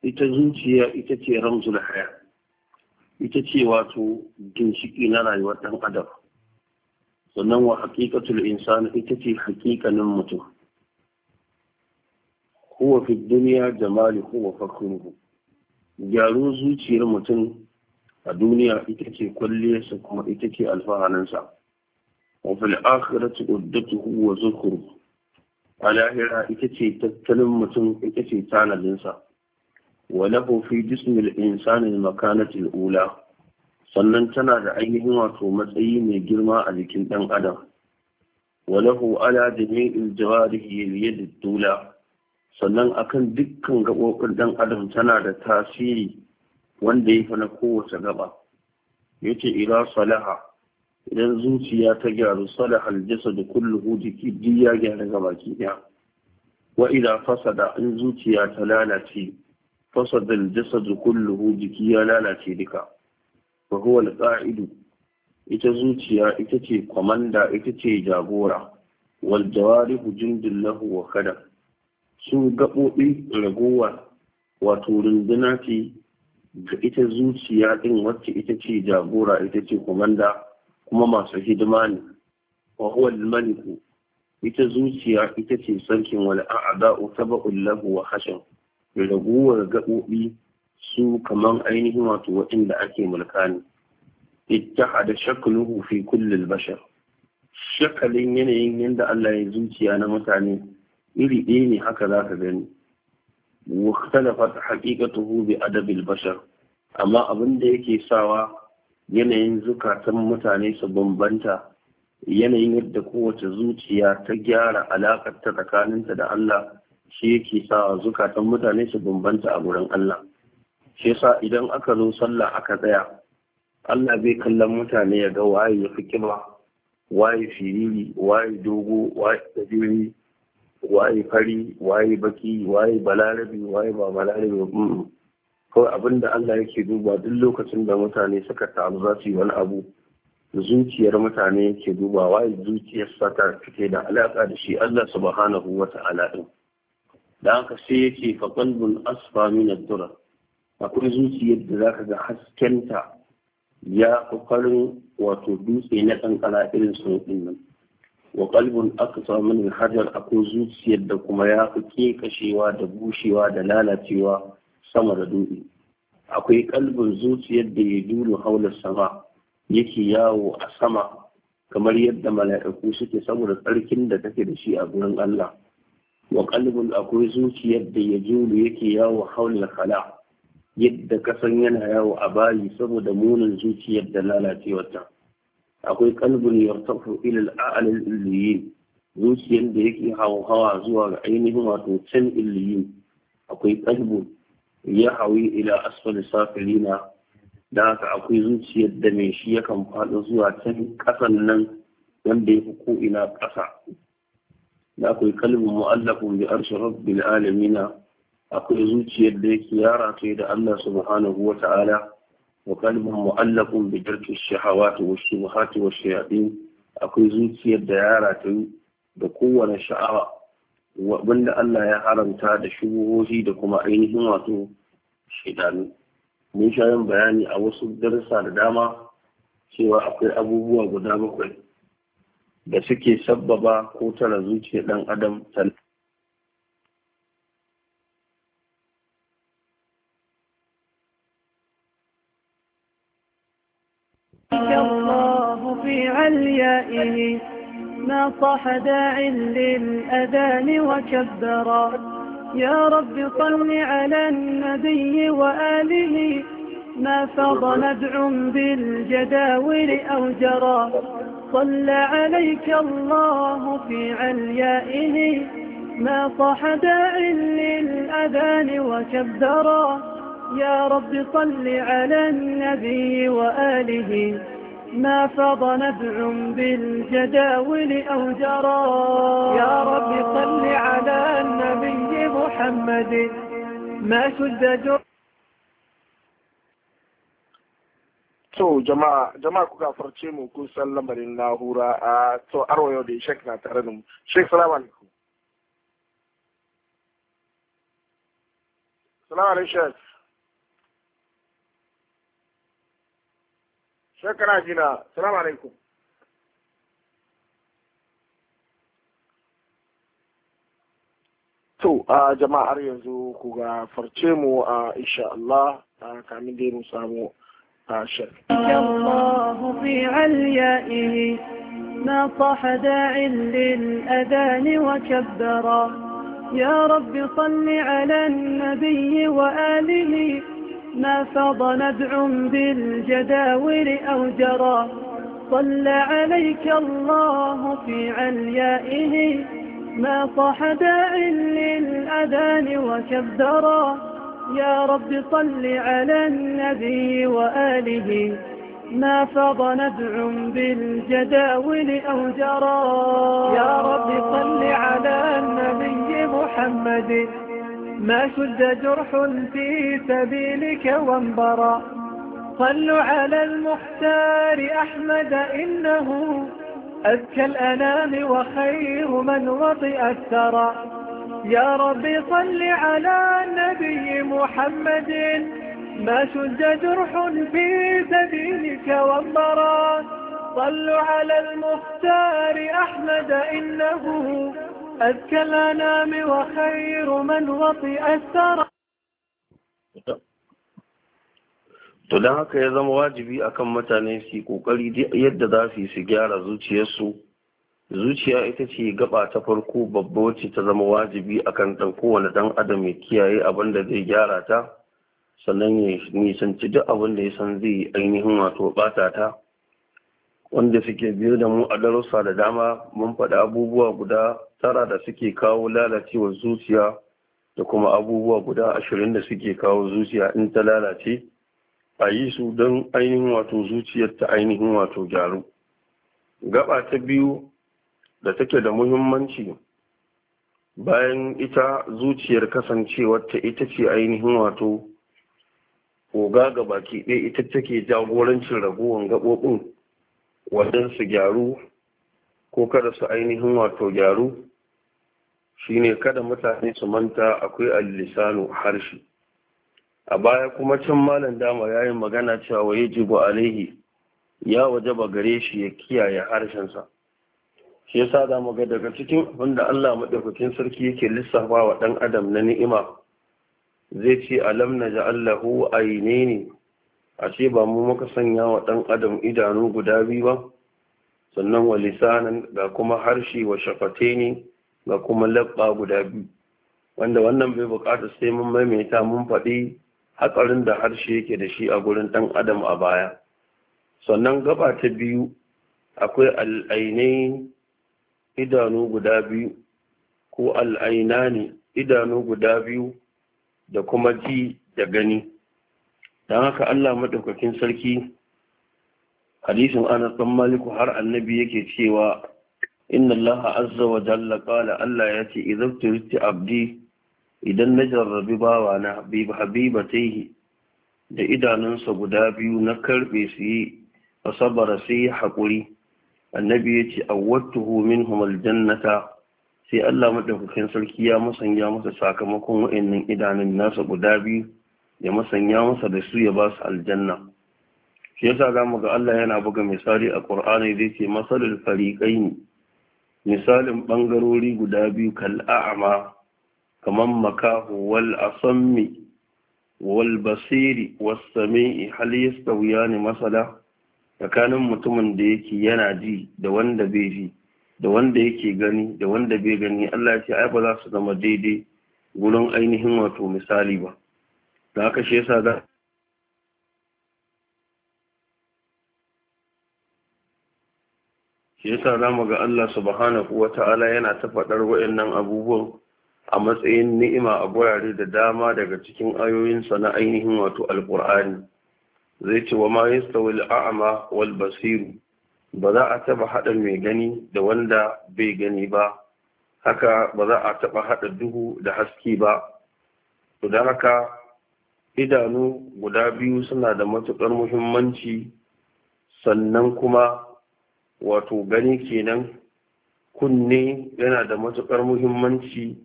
ita zuciya ita ce ramzul haya ita ce wato ginshiki na rayuwar ɗan adam sannan wa da insani ita ce haƙiƙanin mutum huwa fi duniya jamali huwa fakruhu gyaro zuciyar mutum a duniya ita ce kwalliyarsa kuma ita ce alfahaninsa wa fil akhirati uddatuhu wa kuru. a lahira ita ce tattalin mutum ita ce tanadinsa وله في جسم الإنسان المكانة ula. sannan tana da ainihin wato matsayi mai girma a jikin ɗan adam walahu ala jami'il jawarihi yadi dula sannan akan dukkan gaɓoɓin ɗan adam tana da tasiri wanda ya fi na kowace gaba yace ila salaha idan zuciya ta gyaru salaha aljasad kulluhu jiki duk ya gyara gabaki ɗaya wa ila fasada in zuciya ta lalace فسد الجسد كله جكي lalace duka fa ƙa'idu, alqa'idu ita zuciya ita ce kwamanda ita ce jagora wal jawarihu lahu wa kada su gaɓoɓi ragowa wato runduna ce ga ita zuciya ɗin wacce ita ce jagora ita ce kwamanda kuma masu hidima ne wa huwa maliku ita zuciya ita ce sarkin wal ta tabu'un lahu wa hashin Raguwar gaɓoɓi su kaman ainihin wato waɗanda ake mulka Ita ittahada shakalu fi kullil bashar shakalin yanayin yadda Allah ya zuciya na mutane iri ɗaya ne haka za ka gani واختلفت a بأدب bashar. amma abin da yake sawa yanayin zukatan mutane su bambanta yanayin yadda kowace zuciya ta gyara alaƙar ta tsakaninta da Allah shi yake sa zukatan mutane su bambanta a gurin Allah shi yasa idan aka zo sallah aka tsaya Allah zai kallon mutane ya ga waye ya fi kima waye firiri waye dogo waye tajiri waye fari waye baki waye balarabi waye ba balarabi kawai abin da Allah yake duba duk lokacin da mutane suka taru za su yi wani abu zuciyar mutane yake duba waye zuciyar sa ta da alaƙa da shi Allah subhanahu wa ta'ala din da haka sai yake fa qalbun asfa min ad-dura akwai zuciyar da zaka ga haskenta ya kokarin wato dutse na kankara irin su din nan wa qalbun aqsa min al-hajar akwai zuciyar da kuma ya fi kashewa da bushewa da lalacewa sama da dutse akwai kalbin zuciyar da ya duru haular sama yake yawo a sama kamar yadda mala'iku suke saboda tsarkin da take da shi a gurin Allah wa qalbun akwai zuciyar da ya julu yake yawo haula kala yadda kasan yana yawo a bayi saboda munin zuciyar da lalacewarta akwai qalbun yartafu ila al illiyin zuciyar da yake hawa zuwa ga ainihin wato can illiyin akwai qalbun ya hawi ila asfal safilina da haka akwai zuciyar da mai shi yakan faɗo zuwa can ƙasan nan wanda ya fi ko'ina ƙasa da akwai kalbin mu'allafin bi arshi rabbil alamina akwai zuciyar da yake yara ta da Allah subhanahu wa ta'ala wa kalbin mu'allafin bi jarki shahawati wa shubuhati wa shayatin akwai zuciyar da yara ta da kowane sha'awa wanda Allah ya haramta da shubuhohi da kuma ainihin wato shaidanu mun sha yin bayani a wasu darussa da dama cewa akwai abubuwa guda bakwai da suke sabbaba ko tara zuciyar dan adam الله في عليائه ما صاح داع للأذان وكبرا يا رب صل على النبي وآله ما فضل ندع بالجداول أو جرى صلى عليك الله في عليائه ما صح داع للأذان وكبرا يا رب صل على النبي وآله ما فض نبع بالجداول أو جرى يا رب صل على النبي محمد ما شد جرى To jama'a jama'a ku gafarce mu kun san lamarin lahura a to arwa yau da shek na tare da mu. Shek salamu alaikum. Salamu alaikum shek. Shek kana jina salamu alaikum. To a jama'a har yanzu ku gafarce mu a insha Allah kamin dai mu samu عشر الله في عليائه ناصح داع للأذان وكبرا يا رب صل على النبي وآله ما فاض نبع بالجداول أو جرى صلى عليك الله في عليائه ما صح داع للأذان وكبرا يا رب صل على النبي وآله ما فاض نبع بالجداول أو جرى يا رب صل على النبي محمد ما شد جرح في سبيلك وانبرى صلوا على المختار أحمد إنه أذكى الأنام وخير من وطئ الثرى يا ربي صل على النبي محمد ما شد جرح في سبيلك والضرى صلوا على المختار أحمد إنه أذكى الأنام وخير من وطئ الثرى to don haka ya zama wajibi akan mutane su yi kokari yadda za su yi su gyara zuciyarsu zuciya ita ce gaba ta farko babba wacce ta zama wajibi akan ɗan kowane ɗan adam ya kiyaye abin da zai gyara ta sannan ya nisanci duk abin da ya san zai ainihin wato ɓata ta wanda suke biyo da mu a darussa da dama mun faɗi abubuwa guda tara da suke kawo lalacewar zuciya da kuma abubuwa guda ashirin da suke kawo zuciya in ta lalace a yi su don ainihin wato zuciyar ta ainihin wato gyaru gaba ta biyu da take da muhimmanci bayan ita zuciyar kasancewarta ita ce ainihin wato koga ga baki ɗaya ita take jagorancin ragowar gaɓoɓin wajen su gyaru ko kada su ainihin wato gyaru shine kada mutane su manta akwai al harshe a baya kuma can malam dama ya yi magana cewa yajibu alaihi ya wajaba gare shi ya kiyaye harshensa shi yasa za mu ga daga cikin abin da Allah maɗaukakin sarki yake lissafa wa ɗan adam na ni'ima zai ce alam na ja'allahu yi ne a ce ba mu muka sanya wa ɗan adam idanu guda biyu ba sannan wa lisanan ga kuma harshe wa shafate ne ga kuma labba guda biyu wanda wannan bai bukata sai mun maimaita mun faɗi hatsarin da harshe yake da shi a gurin ɗan adam a baya sannan gaba ta biyu akwai al'ainai idanu guda biyu ko al'aina ne idanu guda biyu da kuma ji da gani don haka Allah maɗaukakin sarki hadisin ana ɗan maliku har annabi yake cewa inna Allah azza wa jalla qala Allah ya ce idan turisti abdi idan na jarrabi bawa na yi da idanunsa guda biyu na karɓe su yi a sabara sai haƙuri annabi ya ce awwattuhu minhum jannata, sai Allah maɗaukakin sarki ya musanya masa sakamakon wa'annan idanun nasa guda biyu ya musanya masa da su ya ba su aljanna shi yasa zamu ga Allah yana buga misali a zai ce yake masalul ne misalin ɓangarori guda biyu kal a'ma kaman makahu wal asammi wal basiri was sami'i hal yastawiyani masala tsakanin mutumin da yake yana ji da wanda bai ji da wanda yake gani da wanda bai gani Allah ya ce ai ba za su zama daidai gurin ainihin wato misali ba da haka shi yasa da shi yasa zamu ga Allah subhanahu wata'ala yana ta faɗar waɗannan abubuwan a matsayin ni'ima a gurare da dama daga cikin ayoyinsa na ainihin wato alƙur'ani zai ce wa ma yastawil a'ma wal basiru ba za a taba haɗa mai gani da wanda bai gani ba haka ba za a taba haɗa duhu da haske ba to da haka idanu guda biyu suna da matuƙar muhimmanci sannan kuma wato gani kenan kunne yana da matuƙar muhimmanci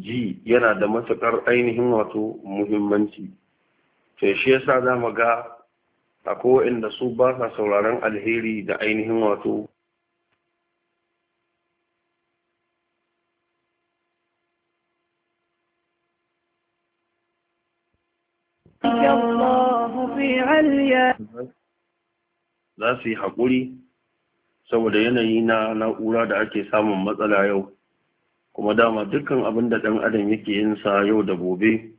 ji yana da matuƙar ainihin wato muhimmanci to shi yasa za mu ga a inda su ba sa sauraron alheri da ainihin wato za su yi haƙuri saboda yanayi na na'ura da ake samun matsala yau kuma dama dukkan abin da ɗan adam yake yin sa yau da gobe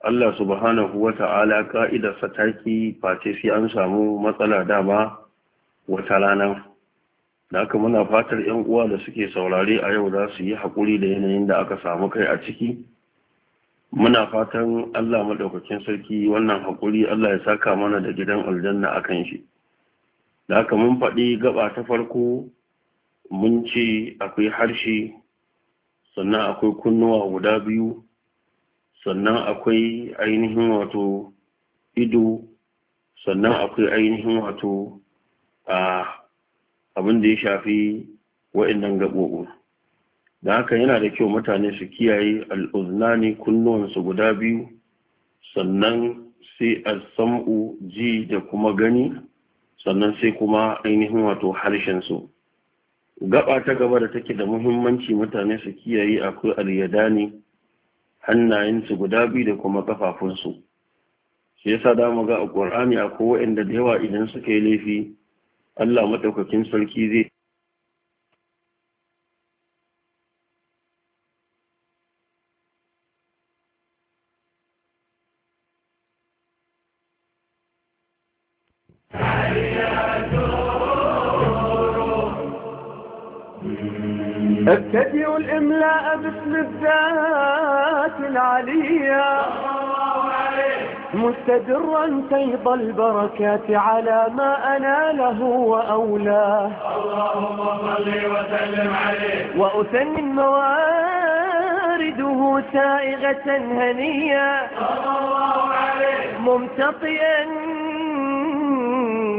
Allah subhanahu wa ta'ala ka'idarsa taki face sai an samu matsala dama wata rana da aka muna fatar ‘yan uwa da suke saurare a yau za su yi haƙuri da yanayin da aka samu kai a ciki muna fatan Allah maɗaukakin sarki wannan haƙuri Allah ya saka mana da gidan aljanna a kan shi da aka mun faɗi gaba ta farko mun ce akwai harshe sannan akwai kunnuwa guda biyu sannan akwai ainihin wato ido sannan akwai ainihin wato a abin da ya shafi wa'annan gaɓoɓo da haka yana da kyau mutane su kiyaye al'uznani kunnuwansu guda biyu sannan sai a sam'u ji da kuma gani sannan sai kuma ainihin wato harshensu gaba ta gaba da take da muhimmanci mutane su kiyaye akwai alyadani hannayensu guda biyu da kuma kafafunsu shi yasa da mu ga a ƙur'ani akwai waɗanda da yawa idan suka yi laifi Allah madaukakin sarki zai فيض البركات على ما أناله وأولاه اللهم صل وسلم عليه وأثني موارده سائغة هنية صلى الله عليه ممتطئا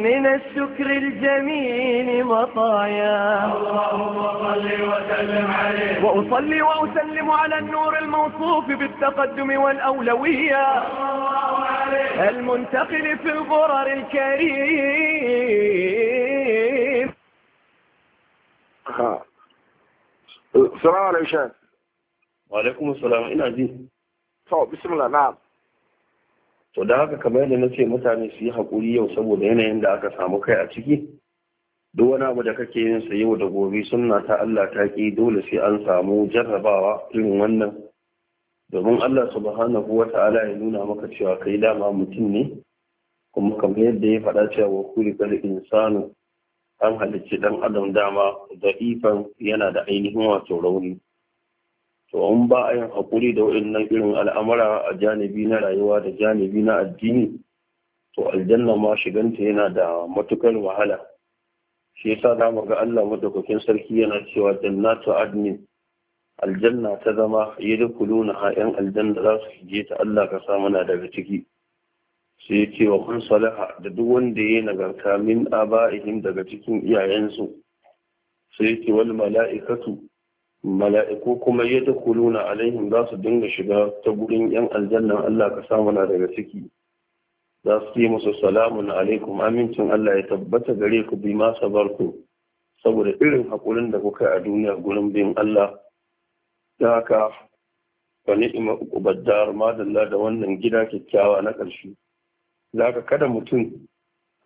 من الشكر الجميل مطايا اللهم صل وسلم عليه وأصلي وأسلم على النور الموصوف بالتقدم والأولوية المنتقل في الغرر الكريم ها السلام عليكم شيخ وعليكم السلام ina ji to bismillah na'am to da haka kamar yadda nace mutane su yi hakuri yau saboda yanayin da aka samu kai a ciki duk wani abu da kake yin sa yau da gobe sunna ta Allah ta ki dole sai an samu jarrabawa irin wannan domin Allah subhanahu wa ta'ala ya nuna maka cewa kai dama mutum ne kuma kamar yadda ya faɗa cewa wa kuri kal insanu an halicci dan adam dama da ifan yana da ainihin wato rauni to an ba a yin haƙuri da waɗannan irin al'amura a janibi na rayuwa da janibi na addini to aljanna ma shiganta yana da matukar wahala shi yasa za ga Allah madaukakin sarki yana cewa jannatu adnin aljanna ta zama yi da kuluna a ‘yan aljanna za su shige ta Allah ka sa na daga ciki sai ya ce wa kun salaha da duk wanda ya nagarta min aba'ihim daga cikin iyayensu sai ya ce wani mala'ikatu mala'iku kuma ya da kuluna alaihim za su dinga shiga ta gurin ‘yan aljanna Allah ka sa na daga ciki za su yi musu salamun alaikum amincin Allah ya tabbata gare ku bi masa barku, saboda irin haƙurin da kuka a duniya gurin bin Allah da haka wa ni'ima uqubad dar madalla da wannan gida kyakkyawa na ƙarshe Za ka kada mutum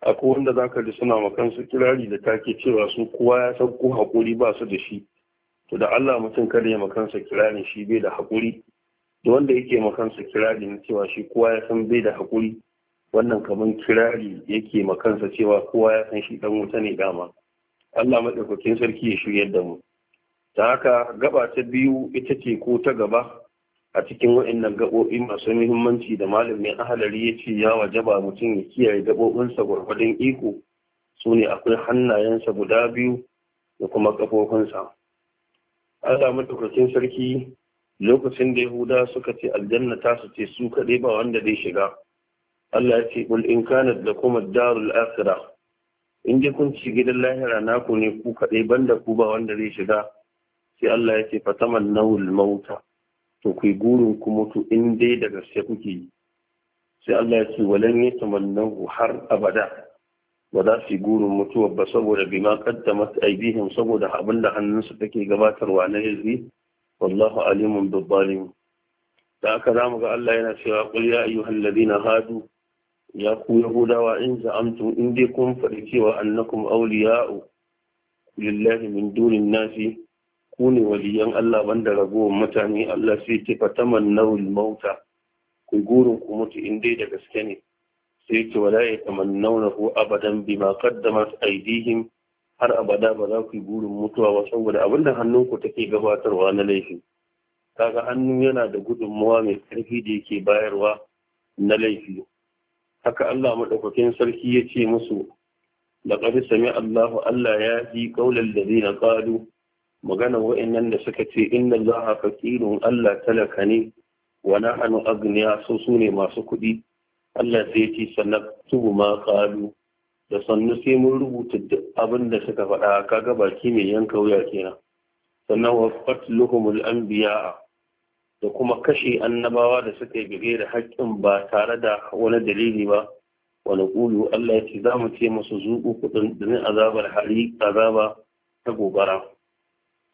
akwai wanda za ka ji suna ma kirari da take cewa su kowa ya san ko haƙuri ba su da shi to da Allah mutum kada ya ma kansa kirari shi bai da haƙuri, da wanda yake ma kansa kirari na cewa shi kowa ya san bai da haƙuri, wannan kamar kirari yake ma kansa cewa kowa ya san shi dan wuta ne dama Allah madaukakin sarki ya shiryar da mu ta haka gaba ta biyu ita ce ko ta gaba a cikin waɗannan gaɓoɓi masu muhimmanci da malamin ahalari ya ce ya wajaba mutum ya kiyaye gaɓoɓinsa gwargwadon iko su ne akwai hannayensa guda biyu da kuma ƙafofinsa Allah matukacin sarki lokacin da yahuda suka ce aljanna ta su ce su kaɗai ba wanda zai shiga Allah ya ce kul in kana da kuma darul akhira in dai kun ci gidan lahira naku ne ku kaɗai banda ku ba wanda zai shiga sai Allah ya ce fataman nawul mauta to kai gurin ku mutu in dai da gaske kuke yi sai Allah ya ce walan yatamannahu har abada ba za su yi gurin mutuwa ba saboda bima qaddamat aydihim saboda abin da hannunsu take gabatarwa na yanzu wallahu alimun bizalim da aka zamu ga Allah yana cewa qul ya ayyuhal ladina hadu ya ku yahudawa in za'amtum in dai kun faɗi cewa annakum awliya'u lillahi min dunin nasi ku ne waliyan Allah banda ragowar mutane Allah sai ce fa nawul mauta ku gurin ku mutu in dai da gaske ne sai ki wala ya tamannawna ko abadan bima qaddamat aidihim har abada ba za ku yi gurin mutuwa ba saboda abinda hannunku take gabatarwa na laifi kaga hannu yana da gudunmawa mai karfi da yake bayarwa na laifi haka Allah madaukakin sarki ya ce musu laqad sami Allahu Allah ya ji qaulal ladina qalu magana wa'annan da suka ce inda inna a faqirun allah talaka ne wa hannu agniya so su ne masu kuɗi Allah sai ya ce tubu ma ƙalu da sannu sai mun rubuta duk abin da suka faɗa kaga baki mai yanka wuya kenan sannan wa qatluhumul anbiya da kuma kashe annabawa da suka yi bige da haƙƙin ba tare da wani dalili ba wani ƙulu Allah ya ce za mu ce musu zuƙu kuɗin da azabar hari azaba ta gobara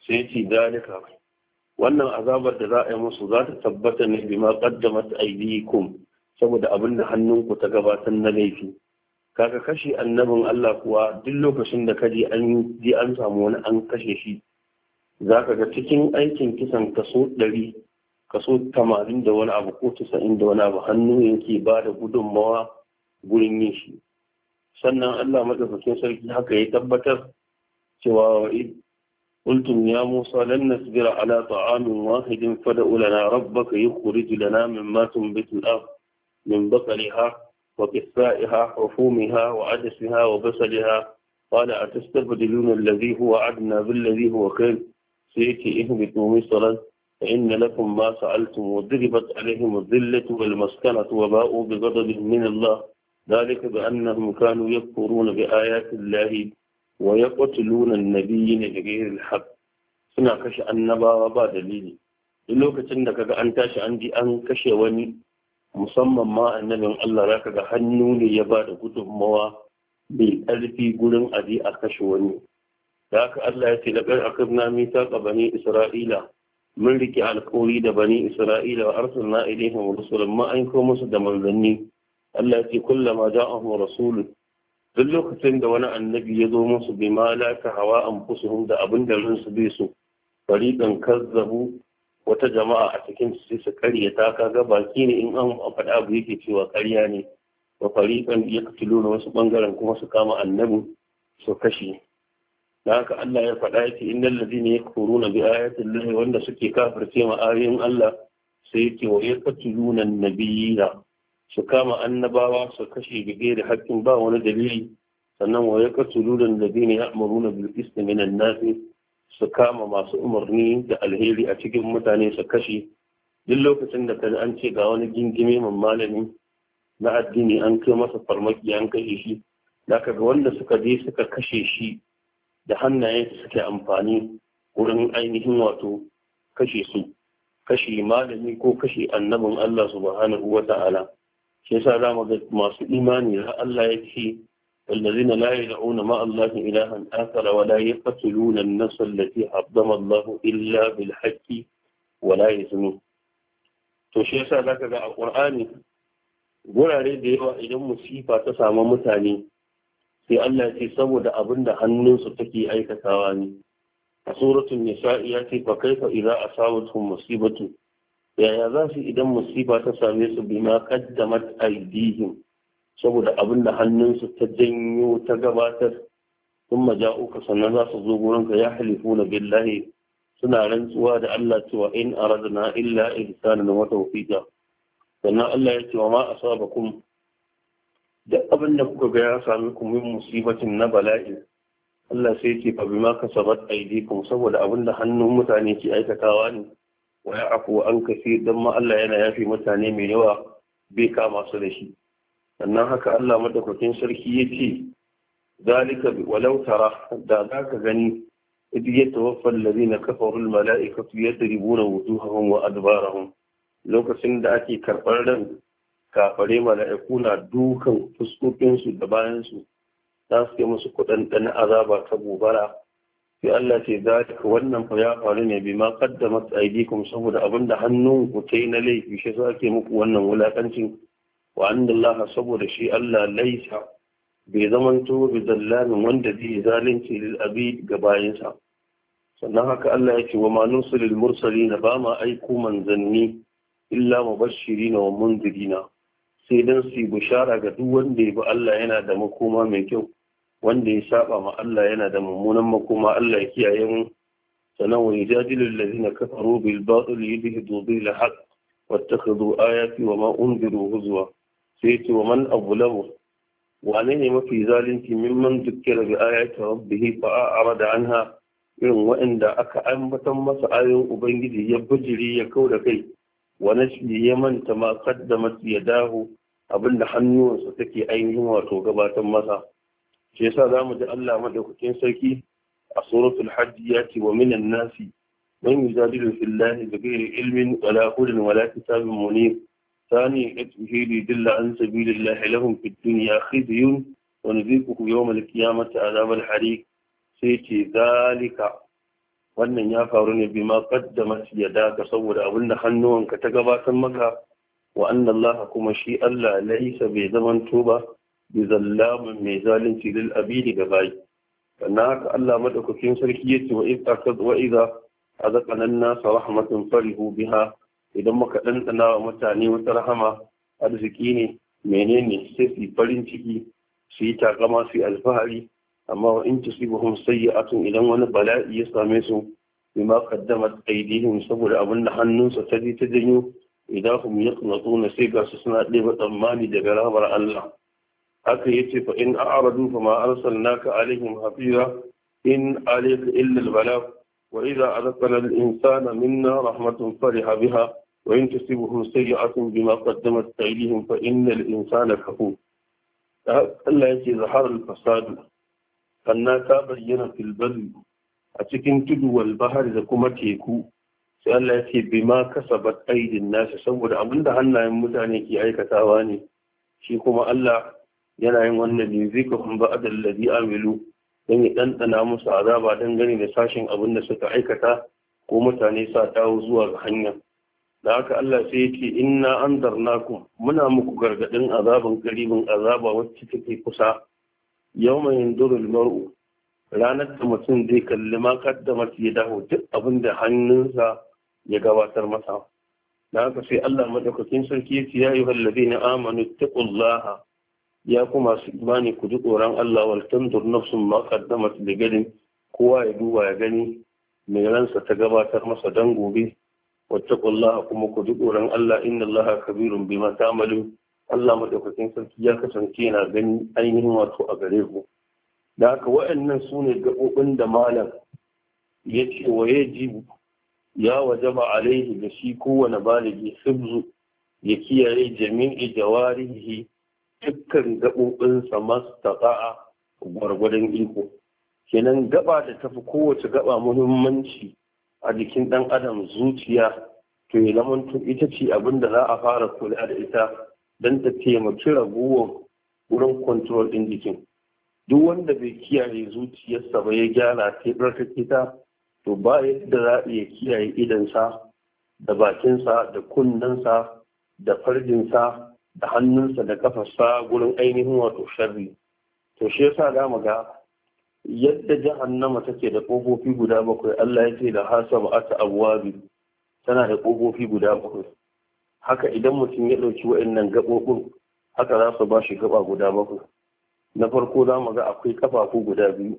sai ce zalika wannan azabar da za a yi musu za ta tabbata ne bima kaddamat aydikum saboda abin da hannunku ta gabatar na laifi kaga kashe annabin Allah kuwa duk lokacin da kaje an ji an samu wani an kashe shi za ka ga cikin aikin kisan kaso ɗari kaso tamanin da wani abu ko tasa'in da wani abu hannu yake ba da gudunmawa gurin yin shi sannan Allah madaukakin sarki haka ya tabbatar cewa قلتم يا موسى لن نصبر على طعام واحد فدع لنا ربك يخرج لنا مما تنبت الأرض من بطلها وكفائها وفومها وعدسها وبصلها قال أتستبدلون الذي هو عدنا بالذي هو خير سيأتي اهبطوا مصرا فإن لكم ما سألتم وضربت عليهم الذلة والمسكنة وباءوا بغضب من الله ذلك بأنهم كانوا يكفرون بآيات الله wa ya biyu ne da gairin haƙ suna kashe annabawa ba dalili duk lokacin da kaga an tashi an ji an kashe wani musamman ma annabin Allah za ka ga hannu ne ya ba da gudunmawa mai ƙarfi gurin aji a kashe wani da haka Allah ya ce da ƙar akab na ta ka bani Isra'ila mun rike alƙawari da bani Isra'ila wa arsalna ilaihim rusulan ma an musu da manzanni Allah ya ce kullama jaahu rasulun duk lokacin da wani annabi ya zo musu bi ma laka hawa anfusuhum da abin da ransu bai so ɗan kazzabu wata jama'a a cikin su sai su karyata kaga baki ne in an faɗa abu yake cewa karya ne ya kaci lura wasu ɓangaren kuma su kama annabi su kashe na haka Allah ya faɗa yake ya ladina na bi ya llahi wanda suke kafirce ma ayoyin Allah sai yake wa yaqtuluna na. su kama annabawa su kashe bige da hakkin ba wani dalili sannan wa yaqtulu ya amuru na qisti minan nafi su kama masu umarni da alheri a cikin mutane su kashe duk lokacin da kan an ce ga wani gingime malami na addini an kai masa farmaki an kashe shi da ga wanda suka je suka kashe shi da hannayen suke amfani wurin ainihin wato kashe su kashe malami ko kashe annabin Allah subhanahu wa ta'ala shi yasa za mu ga masu imani har Allah ya ce الذين لا يدعون مع الله إلها آخر ولا يقتلون النفس التي حرم الله إلا بالحق ولا يزنون to shi yasa zaka ga a Qur'ani gurare da yawa idan musifa ta samu mutane sai Allah ya ce saboda abin da hannunsu take aikatawa ne a suratul nisa'i ya ce fa kaifa a asawatuhum musibatu yaya za su idan musiba ta same su bima kaddamat aidihim saboda abin da hannunsu ta janyo ta gabatar sun maja'uka sannan za su zo gurinka ya halifu na billahi suna rantsuwa da Allah cewa in aradna illa ihsanan wa tawfiqa sannan Allah ya ce wa ma asabakum da abin da kuka ga ya sami ku min musibatin na bala'i Allah sai ce fa bima kasabat aydikum saboda abin da hannun mutane ke aikatawa ne wa ya afu an kafi don ma Allah yana yafi mutane mai yawa bai kama su da shi sannan haka Allah madaukakin sarki ya ce zalika walau tara da za ka gani إذ يتوفى kafaru كفروا yadribuna wujuhahum wa adbarahum lokacin da ake karɓar ran kafare mala'iku na dukan fuskokinsu da bayansu za su yi musu kuɗanɗana azaba ta gobara sai Allah ce za wannan fa ya faru ne bi ma qaddamat aydikum saboda abinda hannun ku tai na laifi shi sa ake muku wannan wulakancin wa annallaha saboda shi Allah laisa bai zamanto bi zallamin wanda zai zalunci lil abi ga bayinsa sannan haka Allah ya ce wa ma nusilil mursalin ba ma aiko manzanni illa mubashirina wa mundirina sai dan su bishara ga duk wanda ya bi Allah yana da makoma mai kyau wanda ya saba ma Allah yana da mummunan makoma Allah ya kiyaye mu sanan wa yujadilu allazina kafaru bil batil yudhidu bil haqq wattakhadhu ayati wa ma unziru huzwa sai ce man abulamu wane ne mafi zalunci mimman dukkira bi ayati rabbihi fa a'rada anha irin waɗanda aka ambatan masa ayoyin ubangiji ya bijiri ya kauda kai wani shi ya manta ma kaddamat ya dahu abinda hannuwansa take ainihin wato gabatar masa shi yasa mu ji Allah madaukakin sarki a suratul hajj ya ce wa minan nasi man yujadilu fillahi bighairi ilmin wala hudan wala kitabin munir ثاني إتمه ليدل عن wani الله لهم في الدنيا خزي ونذيقه يوم القيامة عذاب الحريق سيتي ذلك wannan ya faru ne bima qaddamat yadaka saboda abin da hannuwanka ta gabatar maka wa anna kuma shi Allah laisa bai zaman ba. bi zallamin mai zalunci lil abidi ga bayi sannan haka Allah madaukakin sarki yace wa idza kad wa idza azaqana an-nasa rahmatan farihu biha idan muka dantsana wa mutane wata rahama arziki ne menene sai su farin ciki su yi takama su yi alfahari amma wa in tusibuhum sayyi'atun idan wani bala'i ya same su bima qaddamat aydihim saboda abin da hannunsa ta je ta janyo idan hum yaqnatuna sai ga su suna ɗeba tsammani daga rahamar Allah haka yace fa in a'radu fa ma arsalnaka alaihim hafiza in alayka illa al-balagh wa idha adqana al-insana minna rahmatun fariha biha wa in tusibuhum sayyi'atun bima qaddamat aydihim fa innal insana kafur Allah yace zahar al-fasad kanna ta bayyana fil a cikin tudu wal bahari da kuma teku sai Allah ya ce bi ma kasabat aidin nasu saboda abinda hannayen mutane ke aikatawa ne shi kuma Allah yana yin wannan ne zai ka kuma ba'ad alladhi amilu dan ya ɗanɗana musu azaba dan gani da sashin abin da suka aikata ko mutane sa dawo zuwa ga hanya da haka Allah sai yake inna ku. muna muku gargadin azaban karibin azaba wacce take kusa yawma yandurul mar'u ranar da mutum zai kalli ma kaddamat dawo duk abin da hannunsa ya gabatar masa da haka sai Allah madaukakin sarki ya ce ya ayyuhal amanu taqullaha ya ku masu imani ku ji tsoron Allah wal tandur nafsun ma qaddamat da gadin kowa ya duba ya gani mai ransa ta gabatar masa dan gobe wattaqullaha kuma ku ji tsoron Allah inna Allaha kabirun bima ta'malu Allah madaukakin sarki ya kasance yana gani ainihin wato a gare ku da haka wa'annan su ne gaɓoɓin da malam ya ce wa ya ji ya wajaba alaihi da shi kowane baligi hibzu ya kiyaye jami'i jawarihi dukkan gaɓoɓinsa a gwargwadon iko kenan gaba da tafi kowace gaba muhimmanci a jikin ɗan adam zuciya to ya tun ita ce abin da za a fara kula da ita don ta taimaki ragowar wurin kwantarol ɗin jikin duk wanda bai kiyaye zuciyarsa ba ya gyara ta ita to ba yadda za a iya kiyaye idansa da bakinsa da kunnensa da farjinsa da hannunsa da kafarsa gurin ainihin wato sharri to shi yasa za mu ga yadda jahannama take da ƙofofi guda bakwai Allah ya ce da hasaba ata abwabi tana da ƙofofi guda bakwai haka idan mutum ya ɗauki waɗannan gaɓoɓin haka za su ba shi gaɓa guda bakwai na farko za mu ga akwai kafafu guda biyu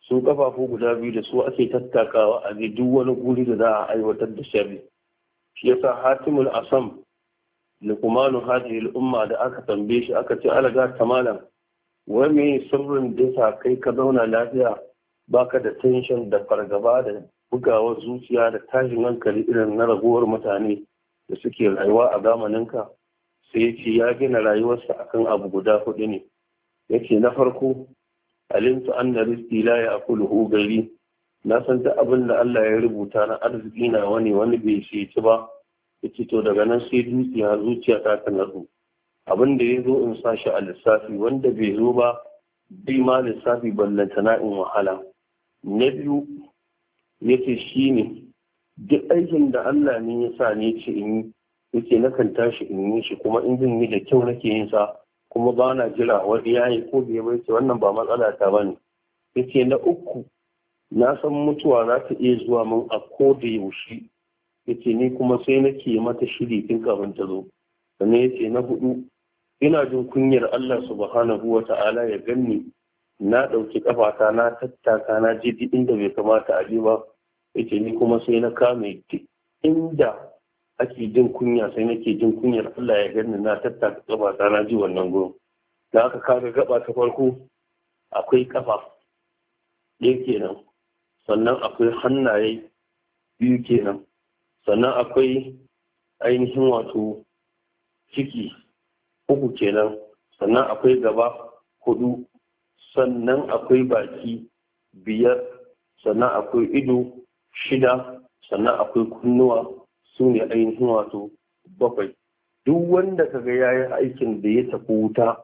su kafafu guda biyu da su ake tattakawa a duk wani guri da za a aiwatar da shari shi yasa hatimul asam lukumanu hajiyar umma da aka tambaye shi aka ci alaga ta malam wai me sirrin da sa kai ka zauna lafiya baka da tension da fargaba da bugawar zuciya da tashin hankali irin na raguwar mutane da suke rayuwa a zamaninka sai ya ce ya gina rayuwarsa akan abu guda hudu ne ya ce na farko alimtu an da rizki la gari na san ta abin da Allah ya rubuta na arziki na wani wani bai shi ba yace to daga nan sai dukiya zuciya ta ta nazo abin da ya zo in sa shi a lissafi wanda bai zo ba bai ma lissafi ballantana in wahala na biyu yace shine duk aikin da Allah ne ya sa ne ce in yi na nakan tashi in yi shi kuma in zan yi da kyau nake yin sa kuma ba na jira wani yayi ko bai bai ce wannan ba matsala ta bane yace na uku na san mutuwa za ta iya zuwa min a ko da yaushe ya ni kuma sai nake mata shiri tun kafin ta zo sannan ya ce na hudu ina jin kunyar Allah subhanahu wa ta'ala ya ganni na ɗauki ƙafata na tattaka na je inda bai kamata a je ba ya ce ni kuma sai na kame inda ake jin kunya sai nake jin kunyar Allah ya ganni na tattaka ƙafata na ji wannan gurin da aka kaga gaba ta farko akwai ƙafa ɗaya kenan sannan akwai hannaye biyu kenan sannan akwai ainihin wato ciki uku kenan sannan akwai gaba hudu sannan akwai baki biyar sannan akwai ido shida sannan akwai kunnuwa su ne ainihin wato bakwai duk wanda ka ga yayi aikin da ya tafi wuta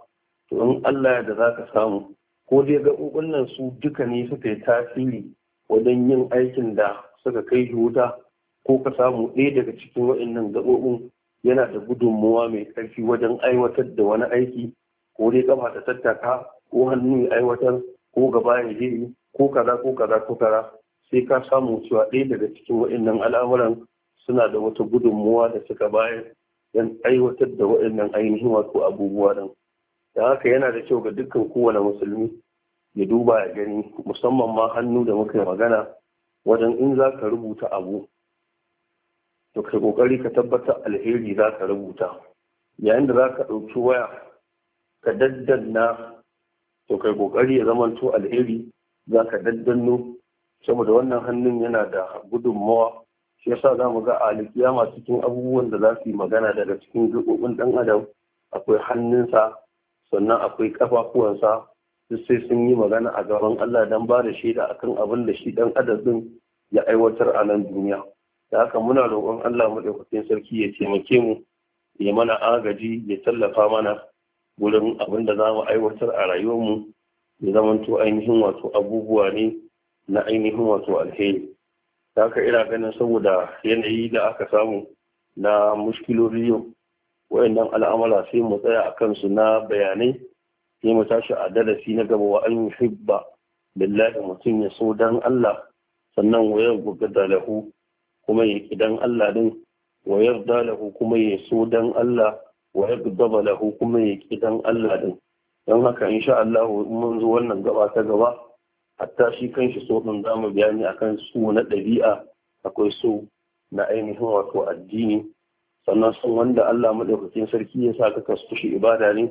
to in Allah ya da za ka samu ko dai ga nan su duka ne suka yi tasiri wajen yin aikin da suka kai shi wuta ko ka samu ɗaya daga cikin waɗannan gaɓoɓin yana da gudunmuwa mai ƙarfi wajen aiwatar da wani aiki ko dai kafa ta tattaka ko hannu ya aiwatar ko gaba ya je ko kaza ko kaza ko kaza sai ka samu cewa ɗaya daga cikin waɗannan al'amuran suna da wata gudunmuwa da suka bayar don aiwatar da waɗannan ainihin wato abubuwa ɗin da haka yana da kyau ga dukkan kowane musulmi ya duba ya gani musamman ma hannu da muka magana wajen in za ka rubuta abu to kai kokari ka tabbatar alheri za ka rubuta yayin da za ka ɗauki waya ka daddanna to kai kokari ya zama to alheri za ka daddanno saboda wannan hannun yana da gudunmawa shi yasa za mu ga alkiyama cikin abubuwan da za su yi magana daga cikin gaɓoɓin ɗan adam akwai hannunsa sannan akwai kafafuwansa duk sai sun yi magana a gaban Allah don ba da shaida akan abin da shi ɗan adam ɗin ya aiwatar a nan duniya da haka muna roƙon Allah maɗaukakin sarki ya taimake mu ya mana agaji ya tallafa mana wurin abin da za mu aiwatar a rayuwar mu ya zamanto ainihin wato abubuwa ne na ainihin wato alheri da haka ina ganin saboda yanayi da aka samu na muskilori yau wayannan al'amala sai mu tsaya a kansu na bayanai sai mu tashi a darasi na gaba wa ainihin lillahi mutum ya so dan Allah sannan wayar gugu da lahu kuma ya idan Allah din wa yarda lahu kuma ya so dan Allah wa yaghdaba lahu kuma ya idan Allah din don haka insha Allah mun zo wannan gaba ta gaba hatta shi kanshi so din zamu bayani akan su na ɗabi'a akwai so na ainihin wato addini sannan sun wanda Allah maɗaukakin sarki ya sa ka shi ibada ne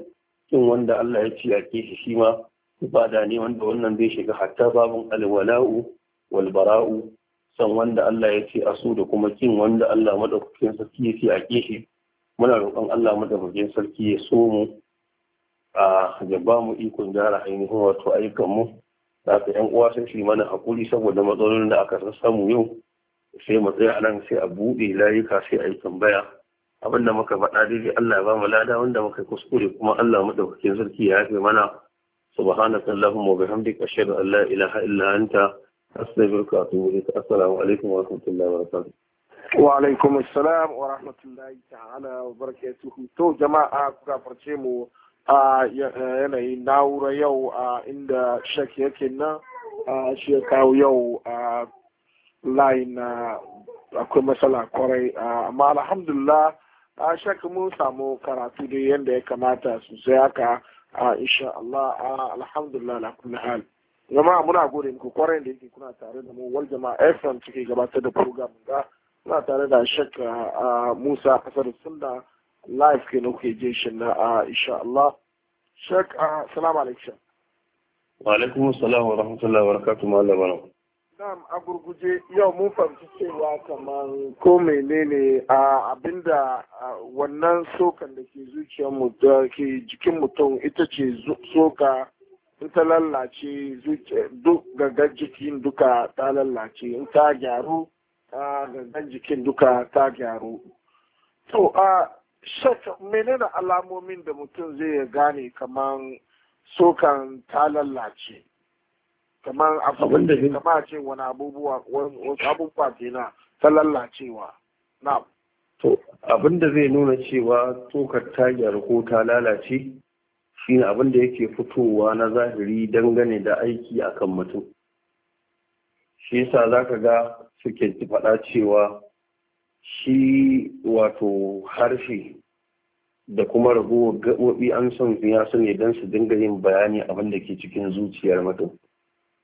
kin wanda Allah ya ci a shi shi ma ibada ne wanda wannan bai shiga hatta babun alwala'u wal bara'u san wanda Allah ya ce a su da kuma kin wanda Allah madaukakin sarki ya ce a kishi muna roƙon Allah madaukakin sarki ya so mu a ya ba mu ikon gyara ainihin wato ayyukan mu da ta yan uwa sun shi mana hakuri saboda matsalolin da aka samu yau sai mu tsaya nan sai a buɗe layuka sai a yi tambaya abin da muka faɗa daidai Allah ya ba mu lada wanda muka yi kuskure kuma Allah madaukakin sarki ya yafe mana subhanakallahumma wa bihamdika ashhadu an la ilaha illa anta أستغفرك وأتوب إليك السلام عليكم ورحمة الله وبركاته wa alaikum assalam wa rahmatullahi ta'ala wa barakatuhu to jama'a ku gafarce mu a yanayin na'ura yau a inda shek yake nan a shi ya kawo yau a layin na akwai matsala kwarai amma alhamdulillah a shek mun samu karatu da yadda ya kamata sosai haka insha Allah alhamdulillah la kulli hal jama'a muna gode muku kwarai da yake kuna tare da mu wal jama'a fm kike gabatar da program ga muna tare da shakka uh, uh, musa kasar sunna live ke nuke je shi na uh, insha Allah shak assalamu alaikum wa alaikum assalam wa rahmatullahi wa barakatuh mallam bana nam a gurguje yau mun fahimci cewa kamar ko menene a abinda wannan sokan da ke zuciyar mu da ke jikin mutum ita ce soka in ta lallace duk gangan jikin duka ta lallace in ta gyaru ta gangan jikin duka ta gyaru to a menene alamomin da mutum zai gane kaman sokan ta lallace kaman abin kama ce wani abubuwa abubuwa ke na ta lallacewa na to abin da zai nuna cewa tsokar ta gyaru ko ta lalace shine abin da yake fitowa na zahiri dangane da aiki akan mutum shi yasa zaka ga suke faɗa cewa shi wato harshe da kuma ragowar gaɓoɓi an son ya su ne don su dinga yin bayani abin da ke cikin zuciyar mutum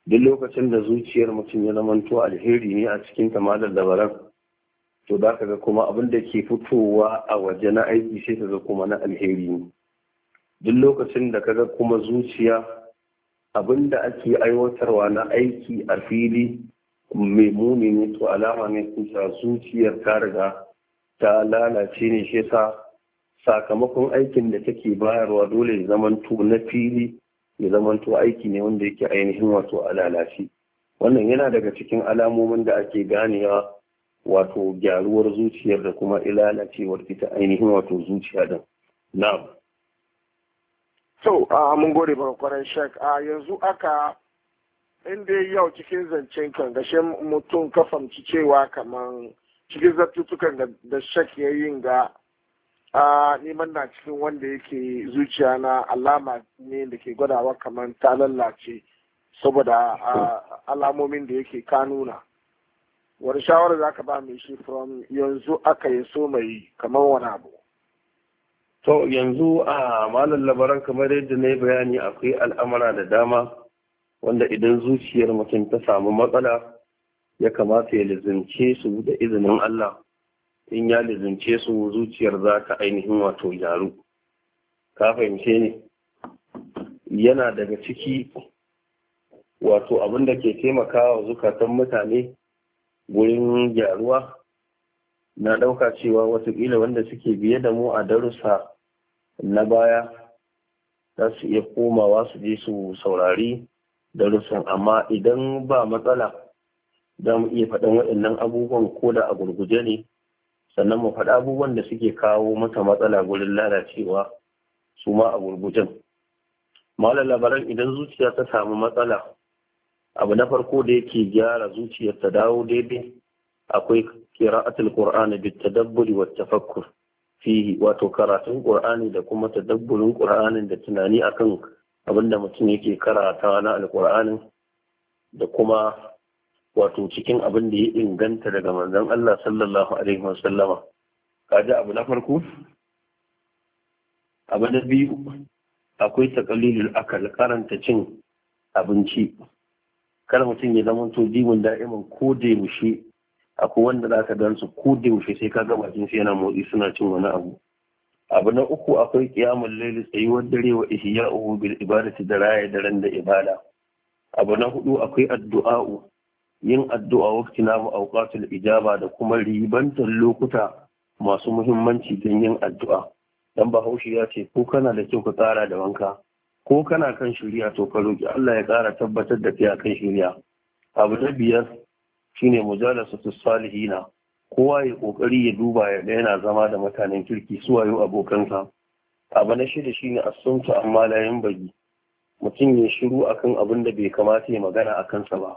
duk lokacin da zuciyar mutum ya zamantu alheri ne a cikin tamadar dabaran to za ka ga kuma abin da ke fitowa a waje na aiki sai ka ga kuma na alheri ne duk lokacin da kaga kuma zuciya abinda ake aiwatarwa na aiki a fili mai muni ne to alama ne kusa zuciyar ta riga ta lalace ne shi sa sakamakon aikin da take bayarwa dole ya zamanto na fili ya zamanto aiki ne wanda yake ainihin wato a lalace wannan yana daga cikin alamomin da ake ganewa wato gyaruwar zuciyar da kuma ilalacewar ita ainihin wato zuciya din na'am To, mun gode ba kwaran shak. A yanzu aka inda yau cikin zancen kan gashin mutum ka famci cewa kaman cikin zartutukan da shak ya yin ga neman na cikin wanda yake zuciya na alama ne da ke gwadawa kaman ta lallace saboda alamomin da yake ka nuna. Wani shawara za ka ba mai shi from yanzu aka yi so mai kamar wani abu. to yanzu a malam labaran kamar yadda na yi bayani akwai al'amura da dama wanda idan zuciyar mutum ta samu matsala ya kamata ya lizince su da izinin Allah in ya lizince su zuciyar za ta ainihin wato gyaru ka fahimce ne yana daga ciki wato abin da ke taimakawa zukatan mutane gurin gyaruwa na ɗauka cewa watakila wanda suke biye da mu a darussa na baya za su iya komawa su je su saurari darussan amma idan ba matsala za mu iya faɗin waɗannan abubuwan ko da a gurguje ne sannan mu faɗi abubuwan da suke kawo mata matsala gurin lalacewa su ma a gurgujen Malam labaran idan zuciya ta samu matsala abu na farko da yake gyara zuciyar ta dawo daidai akwai kira'atul qur'ani bi tadabburi wa tafakkur fihi wato karatun qur'ani da kuma tadabburin qur'anin da tunani akan abinda mutum yake karatawa na alqur'anin da kuma wato cikin abinda da ya inganta daga manzon Allah sallallahu alaihi wasallama kaji abu na farko abu na biyu akwai taqlilul akal karanta cin abinci kar mutum ya zama to jimin da'iman ko da akwai wanda za ka gan su ko da yaushe sai ka ga bakin su yana motsi suna cin wani abu abu na uku akwai qiyamul layl tsayuwar dare wa ihya'uhu bil ibadati da raya daren da ibada abu na hudu akwai addu'a'u yin addu'a wakti na auqatul ijaba da kuma ribantar lokuta masu muhimmanci don yin addu'a dan bahaushe ya ce ko kana da kyau ka tsara da wanka ko kana kan shirya to ka roki Allah ya ƙara tabbatar da kai akan shirya abu na biyar shine mujalasatu salihina kowa ya kokari ya duba ya ga yana zama da mutanen kirki su wayo abokansa abu na shida shine asuntu amma layin bagi mutum ya shiru akan abin da bai kamata ya magana a kansa ba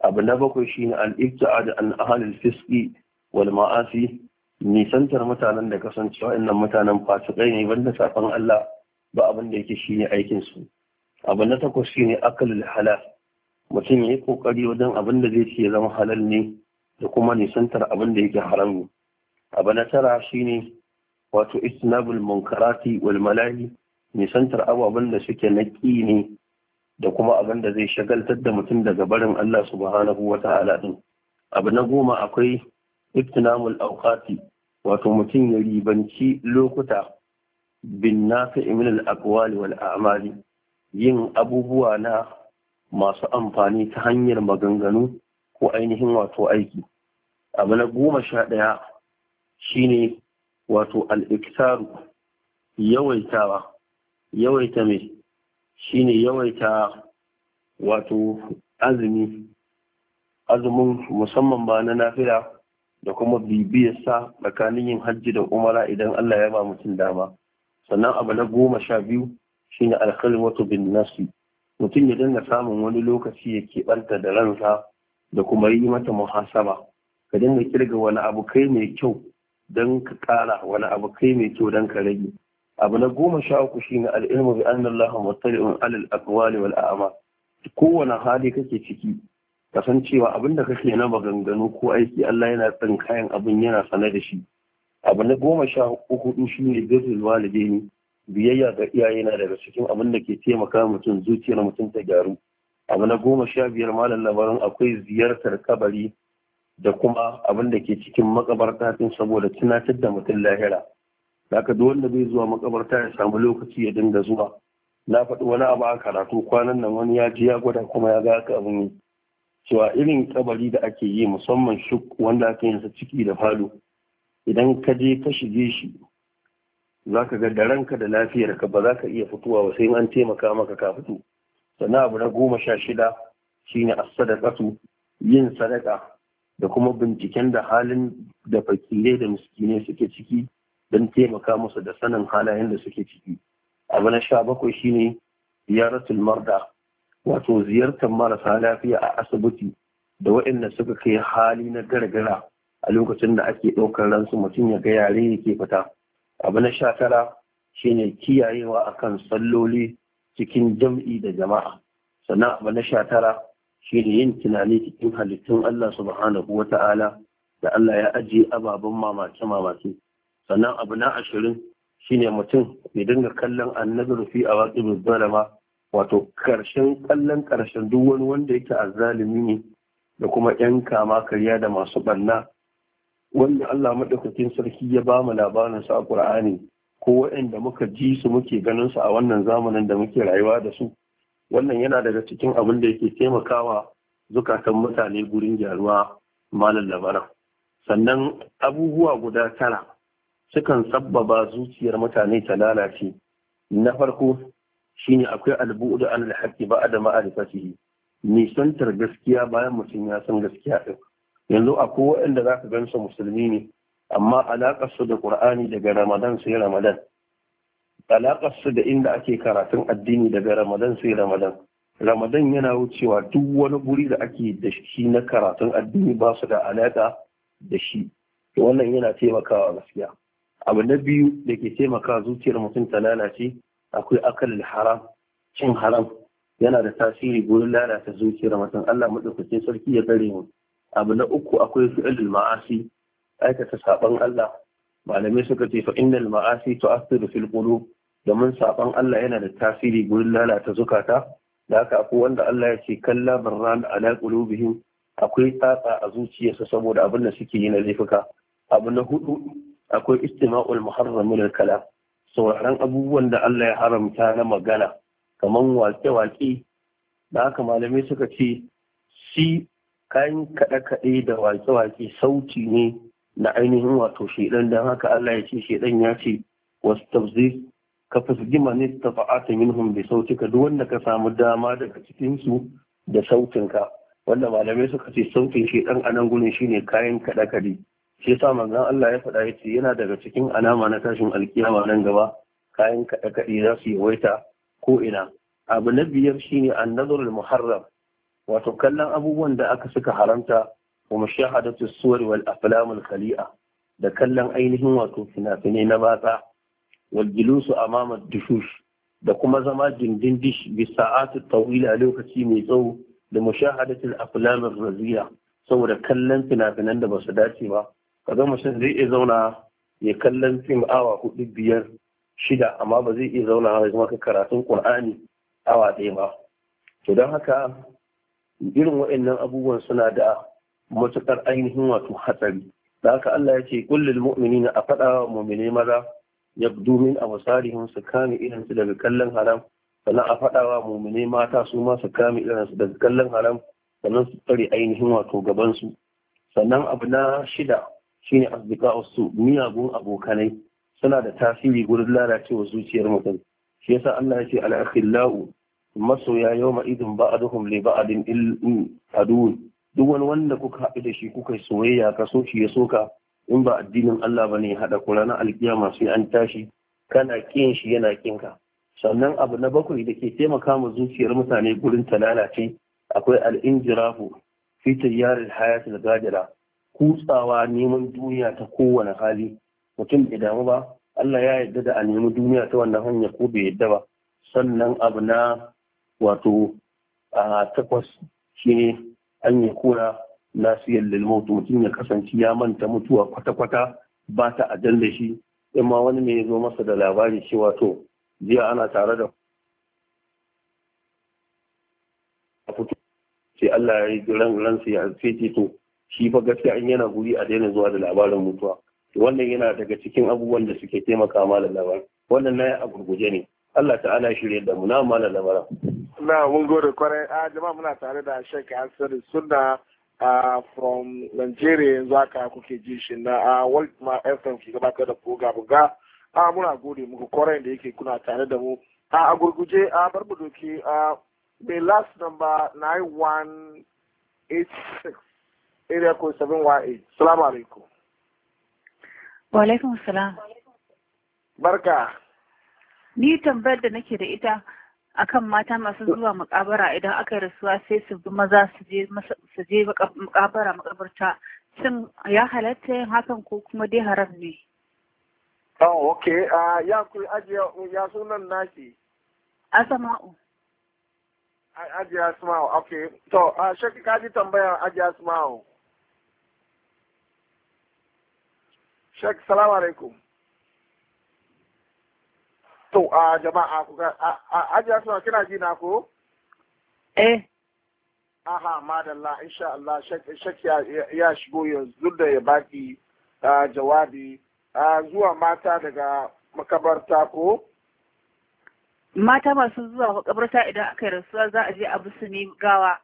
abu na bakwai shine al-ibta'ad an ahlil fiski wal ma'asi nisantar mutanen da kasancewa innan mutanen fasikai ne banda safan Allah ba abin da yake shine aikin su abu na takwas shine akalul halal mutum ya yi kokari wajen abin da zai ce ya zama halal ne da kuma nisantar abin da yake haram ne abu na tara shine wato istinabul munkarati wal nisantar ababen da suke na ne da kuma abin da zai shagaltar da mutum daga barin Allah subhanahu wa ta'ala din abu na goma akwai ibtinamul awqati wato mutum ya ribanci lokuta bin nafi min al aqwali wal a'mali yin abubuwa na masu amfani ta hanyar maganganu ko ainihin wato aiki abu na goma sha ɗaya shine wato al'iktaru yawaitawa yawaita mai shine yawaita wato azumi azumin musamman ba na nafila da kuma bibiyarsa tsakanin yin hajji da umara idan Allah ya ba mutum dama sannan abu na goma sha biyu shine alkhalwatu bin nasi mutum ya dinga samun wani lokaci ya keɓanta da ransa da kuma yi mata muhasaba ka dinga kirga wani abu kai mai kyau don ka ƙara wani abu kai mai kyau don ka rage abu na goma sha uku shi ne al'ilmu bi wa Allah muttali'un alal akwali wal a'ama kowane hali kake ciki ka san cewa abin da kake na maganganu ko aiki Allah yana tsin kayan abin yana sane da shi abu na goma sha uku shi ne gazul walidai biyayya ga iyaye na daga cikin abin da ke taimaka mutum zuciyar mutum ta gyaru abu na goma sha biyar malam labarin akwai ziyartar kabari da kuma abin da ke cikin makabarta tun saboda tunatar da mutum lahira haka duk wanda bai zuwa makabarta ya samu lokaci ya dinga zuwa na faɗi wani abu a karatu kwanan nan wani ya ji ya gwada kuma ya ga haka abin yi cewa irin kabari da ake yi musamman shuk wanda aka yi ciki da falo idan ka je ka shige shi za ka ga da da lafiyarka ba za ka iya fitowa ba sai an taimaka maka ka fito sannan abu na goma sha shida shine a sadaqatu yin sadaka da kuma binciken da halin da fakirai da miskinai suke ciki don taimaka musu da sanin halayen da suke ciki abu na sha bakwai shine ziyaratul marda wato ziyartar marasa lafiya a asibiti da waɗanda suka kai hali na gargara a lokacin da ake ɗaukar ransu mutum ya ga yare yake fita abu na sha tara shine kiyayewa akan salloli cikin jam'i da jama'a sannan abu na shatara tara shine yin tunani cikin halittun Allah subhanahu wa ta'ala da Allah ya ajiye ababen mamace mamace sannan abu na ashirin shine mutum ya dinga kallon annabi rufi a waƙi zalama wato karshen kallon karshen duk wani wanda yake azzalimi ne da kuma yan kama karya da masu ɓanna wanda Allah madaukakin sarki ya ba mu labarin sa a ƙur'ani, ko waɗanda muka ji su muke ganin su a wannan zamanin da muke rayuwa da su wannan yana daga cikin abin da yake taimakawa zukatan mutane gurin gyaruwa malam labaran sannan abubuwa guda tara sukan sabbaba zuciyar mutane ta lalace na farko shine akwai albu'u da an alhaqi ba da ma'arifatihi nisantar gaskiya bayan mutum ya san gaskiya din yanzu akwai waɗanda za ka gansu musulmi ne amma alaƙarsu da ƙur'ani daga ramadan sai ramadan su da inda ake karatun addini daga ramadan sai ramadan ramadan yana wucewa duk wani guri da ake da shi na karatun addini ba su da alaƙa da shi wannan yana taimakawa gaskiya abu na biyu da ke taimaka zuciyar mutum ta lalace akwai akalin haram cin haram yana da tasiri gurin lalata zuciyar mutum Allah madaukakin sarki ya gare mu abu na uku akwai fi'ilul ma'asi aikata saban Allah malamai suka ce fa innal ma'asi tu'athiru fil qulub domin saban Allah yana da tasiri gurin lalata zukata da haka akwai wanda Allah ya ce kalla barran ala qulubihim akwai tsatsa a zuciyarsa saboda abin da suke yi na laifuka abu na hudu akwai istima'ul muharram min kalam sauraron abubuwan da Allah ya haramta na magana kaman wake-wake da haka malamai suka ce shi kayan kaɗe-kaɗe da waƙe-waƙe sauti ne na ainihin wato shaidan don haka Allah ya ce shaidan ya ce wasu tafzir ka fasgi mani ta fa'ata minhum bi sautika duk wanda ka samu dama daga cikinsu da sautin ka wanda malamai suka ce sautin shaidan a nan gurin shine kayan kaɗe-kaɗe shi yasa manzon Allah ya faɗa yace yana daga cikin alama na tashin alkiyama nan gaba kayan kaɗe-kaɗe za su yawaita ko ina abu na biyar shine annazarul muharram wato kallon abubuwan da aka suka haramta wa mushahadatu suwar wal aflamul khali'a da kallon ainihin wato fina-finai na batsa wal julusu amama dushush da kuma zama dindindish bi sa'atu tawila lokaci mai tsawo da mushahadatul aflamur raziya saboda kallon fina-finan da ba su dace ba kaga mutum zai iya zauna ya kallon fim awa hudu biyar shida amma ba zai iya zauna ya zama karatun qur'ani awa ɗaya ba to don haka irin waɗannan abubuwan suna da matuƙar ainihin wato hatsari da haka Allah ya ce kullul na a faɗa wa mu'mini maza domin a absarihim su kame irin su daga kallon haram sannan a faɗa wa mu'mini mata su ma su kame irin su daga kallon haram sannan su tsare ainihin wato gabansu. sannan abu na shida shine asdiqa'u su miyagun abokanai suna da tasiri gurin lalacewa zuciyar mutum shi yasa Allah ya ce al-akhillau masoya yau ma idin ba'aduhum li ba'adin adun duk wani wanda kuka haɗu da shi kuka soyayya ka so shi ya so ka? in ba addinin Allah ba ne haɗa ku ranar alkiyama sai an tashi kana kin shi yana kin ka sannan abu na bakwai da ke taimaka ma zuciyar mutane gurin ta lalace akwai al'injirafu fi yarin hayatul gadira kutsawa neman duniya ta kowane hali mutum bai damu ba Allah ya yarda da a nemi duniya ta wannan hanya ko bai yarda ba sannan abu na wato takwas shine an yi kura nasiyar lilmautu mutum ya kasance ya manta mutuwa kwata-kwata ba ta ajalla shi in ma wani mai zo masa da labari shi wato jiya ana tare da fito sai Allah ya yi ran sai ya sai to shi fa gaskiya in yana guri a daina zuwa da labarin mutuwa wannan yana daga cikin abubuwan da suke taimaka ma da labarin wannan na a gurguje ne Allah ta'ala shirye da mu na malam lamarin na mun gode kwarai a ah, jama'a muna tare da Sheikh Hassan Sunna ah, from Nigeria yanzu aka kuke ji shi na ah, World Ma FM ke gabatar da program ga a muna gode muku kwarai da yake kuna tare da mu a gurguje a bar mu doki a me last number 9186 area code 718 salamu alaikum wa alaikum salam barka ni tambayar da nake da ita akan mata masu zuwa mak'abara idan aka yi rasuwa sai su bi maza su je mak'abara makabarta sun ya halatta yin hakan ko kuma dai haram ne Oh, okay. Uh, ya ku ajiya ya sunan naki. Asma'u. Ajiya Asma'u, okay. To, uh, ah, shakka ka ji tambayar ajiya Asma'u. Shek, salamu alaikum. To a jama'a ku ga ajiya suna kina ji na ko? Eh. Aha madalla insha Allah shak ya shigo yanzu da ya baki jawabi zuwa mata daga makabarta ko? Mata masu zuwa makabarta idan aka yi rasuwa za a je a bisu ne gawa.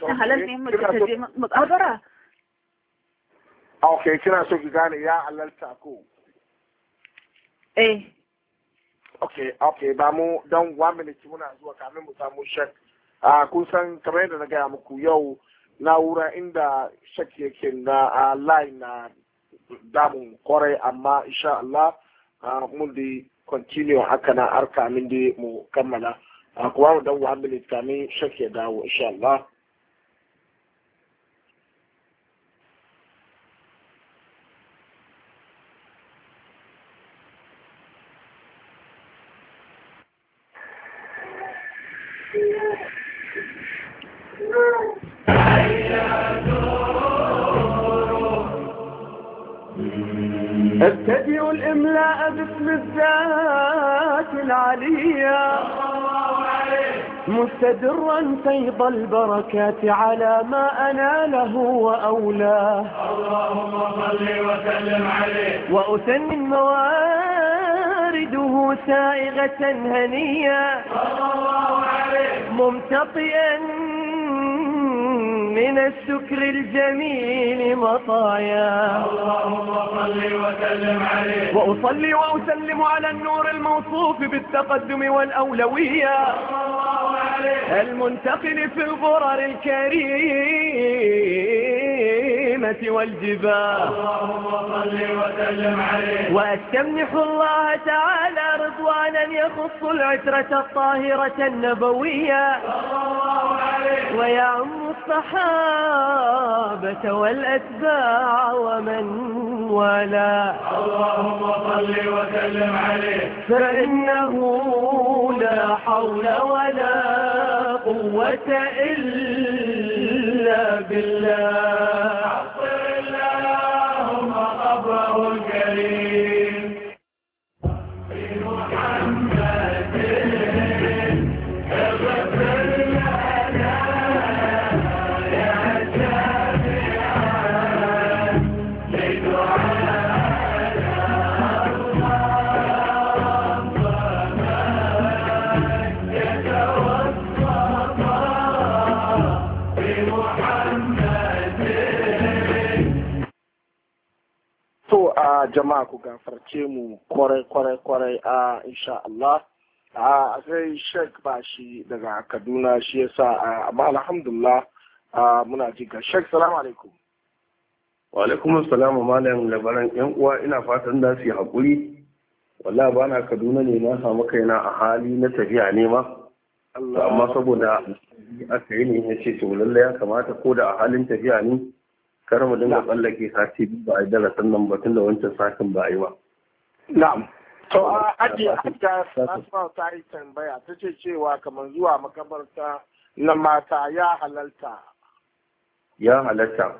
Sun halar ne eh, mace ta je makabara? Ok, kina so ki gane ya halarta ko? Eh. okay okay ba mu don one minute muna zuwa kamin mu samu shek a kun san kamar yadda na gaya muku yau na'ura inda shek yake na a line na damun kwarai amma insha Allah mun di continue haka na har min di mu kammala kuma mu dan one minute kamin shek ya dawo insha Allah فيض البركات على ما أناله وأولاه اللهم صل وسلم عليه وأثني موارده سائغة هنيا صلى الله عليه ممتطئا من السكر الجميل مطايا اللهم صل وسلم عليه وأصلي وأسلم على النور الموصوف بالتقدم والأولوية المنتقل في الغرر الكريمة والجبال اللهم صل وسلم عليه وأستمنح الله تعالى رضوانا يخص العترة الطاهرة النبوية صلى الله عليه ويعم الصحابة والأتباع ومن ولا اللهم صل وسلم عليه فإنه لا حول ولا قوة إلا بالله jama'a ku gafarce mu kwarai kwarai kwarai a insha Allah a sai shek ba shi daga Kaduna shi yasa amma alhamdulillah muna ji ga shek salamu alaikum wa alaikum assalam malam labaran yan uwa ina fatan da su yi hakuri wallahi bana Kaduna ne na samu kaina a hali na tafiya ne ma amma saboda aka yi ne ya ce to lallai ya kamata ko da a halin tafiya ne kar mu dinga tsallake sati biyu ba a yi darasin nan ba tun da wancan satin ba a yi ba. Na'am. To a ajiye hajja Asma ta yi tambaya ta ce cewa kamar zuwa makabarta na mata ya halalta. Ya halalta.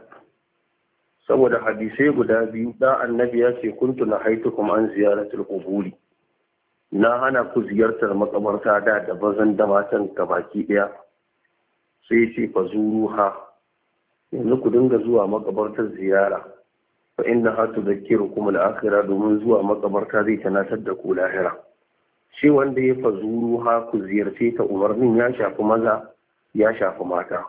Saboda hadisai guda biyu da annabi ya ce kuntu na kuma an ziyaratul quburi. Na hana ku ziyartar makabarta da da bazan da matan baki ɗaya. Sai ce fa zuru ha. yanzu ku dinga zuwa makabartar ziyara fa inna ha tudhakkirukum al-akhirah domin zuwa makabarta zai tanatar da ku lahira shi wanda ya fazuru ha ku ziyarce ta umarnin ya shafi maza ya shafi mata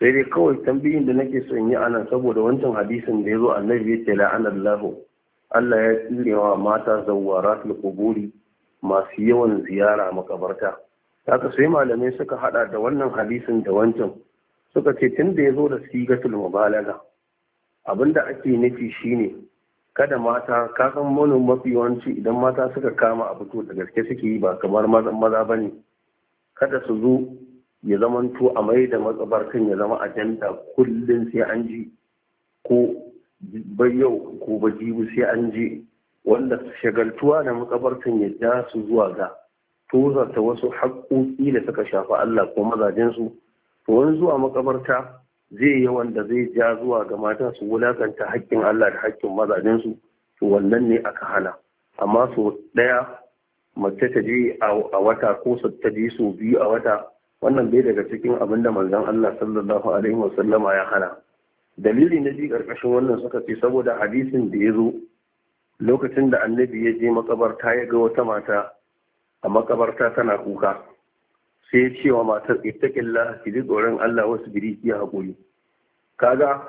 sai dai kawai tambayin da nake son yi anan saboda wancan hadisin da ya yazo annabi ya ce la'anallahu Allah ya tsirewa mata zawaratul quburi masu yawan ziyara makabarta haka sai malamai suka hada da wannan hadisin da wancan suka ce tun da ya zo da sigatul mubalaga abinda ake nufi shine kada mata ka mono mafi yawanci idan mata suka kama a fito da gaske suke yi ba kamar maza ba ne kada su zo ya zama to a mai da kan ya zama ajanda kullum sai an ji ko bai yau ko ba jibu sai an ji wanda shagaltuwa da matsabarkan ya ja su zuwa ga tozarta wasu haƙƙoƙi da suka shafi Allah ko mazajensu wani zuwa makabarta zai yi wanda zai ja zuwa ga mata su wulakanta haƙƙin Allah da haƙƙin mazajensu to wannan ne aka hana amma so ɗaya mace ta je a wata ko ta je so biyu a wata wannan bai daga cikin abin da manzon Allah sallallahu alaihi wasallama ya hana dalili na ji karkashin wannan suka ce saboda hadisin da ya zo lokacin da annabi ya je makabarta ya ga wata mata a makabarta tana kuka sai ya cewa matar ki ji tsoron Allah wasu biri ki hakuri kaga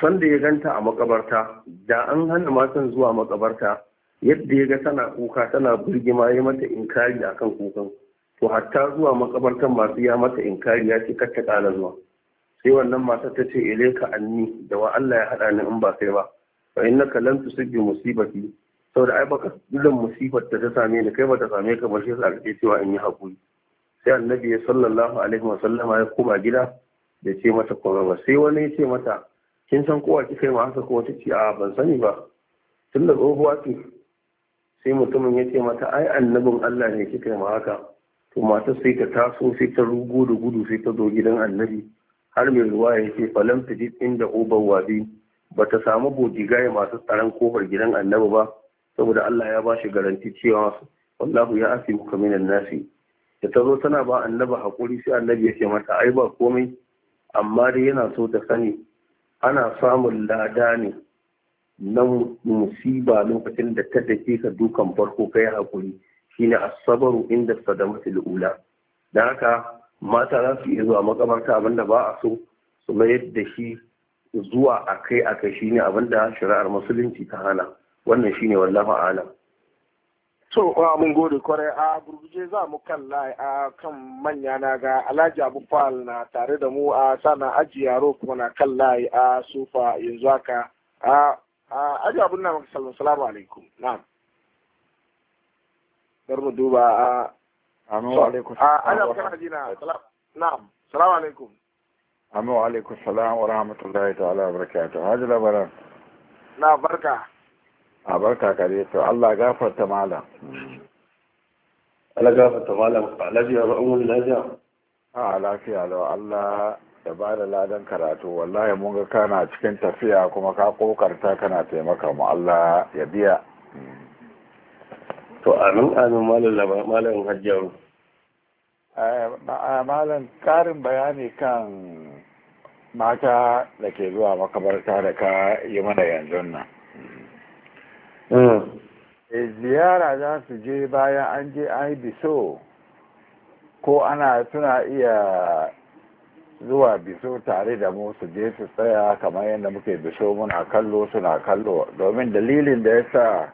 sanda ya ganta a makabarta da an hana matan zuwa makabarta yadda ya ga tana kuka tana burgima ya mata inkari kan kukan to hatta zuwa makabartan masu ya mata inkari ya ce ta zuwa sai wannan matar ta ce ilaika anni da wa Allah ya haɗa ni in ba kai ba fa innaka lam tusibbi musibati saboda ai baka dukkan musibar da ta same ni kai ba ta same ka ba shi yasa cewa in yi hakuri sai annabi ya sallallahu alaihi wa sallama ya koma gida da ce mata kuma ba sai wani ya ce mata kin san kowa kika yi ma haka ko ce a ban sani ba tun da tsohuwa ce sai mutumin ya ce mata ai annabin Allah ne kika yi ma haka to matar sai ta taso sai ta rugu da gudu sai ta zo gidan annabi har mai ruwa ya ce falam ta ji inda obar wabi ba ta samu bodigaye masu tsaron kofar gidan annabi ba saboda Allah ya ba shi garanti cewa wallahu ya afi muka minan nasi da ta zo tana ba annabi haƙuri sai annabi ya ce mata ai ba komai amma dai yana so ta sani ana samun lada ne na musiba lokacin da ta dake ka dukan farko kai haƙuri shine asabaru inda sadamatul ula dan haka mata za su iya zuwa makabarta abinda ba a so su mayar da shi zuwa akai akai shine abinda shari'ar musulunci ta hana wannan shine wallahi a'lam So, mun gode kwarai a gurguje za mu kalla a kan manya na ga Alhaji Abu na tare da mu a sana aji yaro kuma na kalla a sufa yanzu haka. A aji abun na maka sallu salamu alaikum. Na'am. Bar mu duba a Amin wa alaikum. A aji abu kana jina. Na'am. Salamu alaikum. Amin wa alaikum salam wa rahmatullahi ta'ala wa barakatuh. Haji labaran. Na barka. a barka kare to Allah gafarta malam Allah gafarta malam a lafiya ba umar lafiya a lafiya lo Allah ya ba da ladan karatu wallahi mun ga kana cikin tafiya kuma ka kokarta kana taimaka mu Allah ya biya to amin amin malam malam hajjaru malam karin bayani kan mata da ke zuwa makabarta da ka yi mana yanzu nan Eh, ziyara za su je bayan an je an yi biso ko ana suna iya zuwa biso tare da mu su je su tsaya kamar yadda muke biso muna kallo suna kallo domin dalilin da ya sa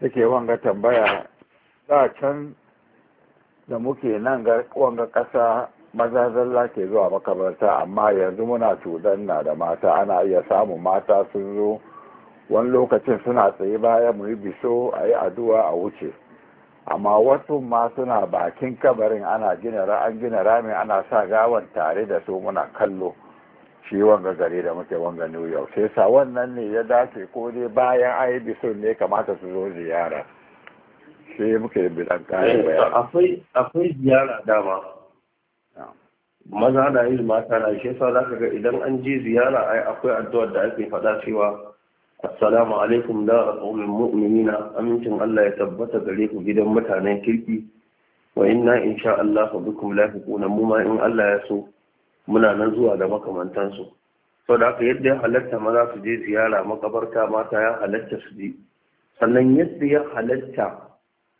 suke wanga tambaya za can da muke nan ga wanga ƙasa maza zalla ke zuwa makabarta amma yanzu muna cudan na da mata ana iya samun mata sun zo wani lokacin suna tsaye baya mu yi biso a yi addu'a a wuce amma wasu ma suna bakin kabarin ana gina an gina rami ana sa gawan tare da su muna kallo shi wanga gare da muke wanga new york sai sa wannan ne ya dace ko dai bayan an yi biso ne kamata su zo ziyara sai muke bidan kayan eh, bayan. akwai akwai ziyara dama maza na yi mata na shi za zaka ga idan an je ziyara ai akwai addu'ar da ake faɗa cewa Assalamu alaikum da al’ummin na amincin Allah ya tabbata gare ku gidan mutanen kirki, wa inna in sha Allah fa bukum lafi ƙunan mu in Allah ya so muna nan zuwa da makamantansu. So da aka yadda ya halatta maza su je ziyara makabarta mata ya halatta su je. Sannan yadda ya halatta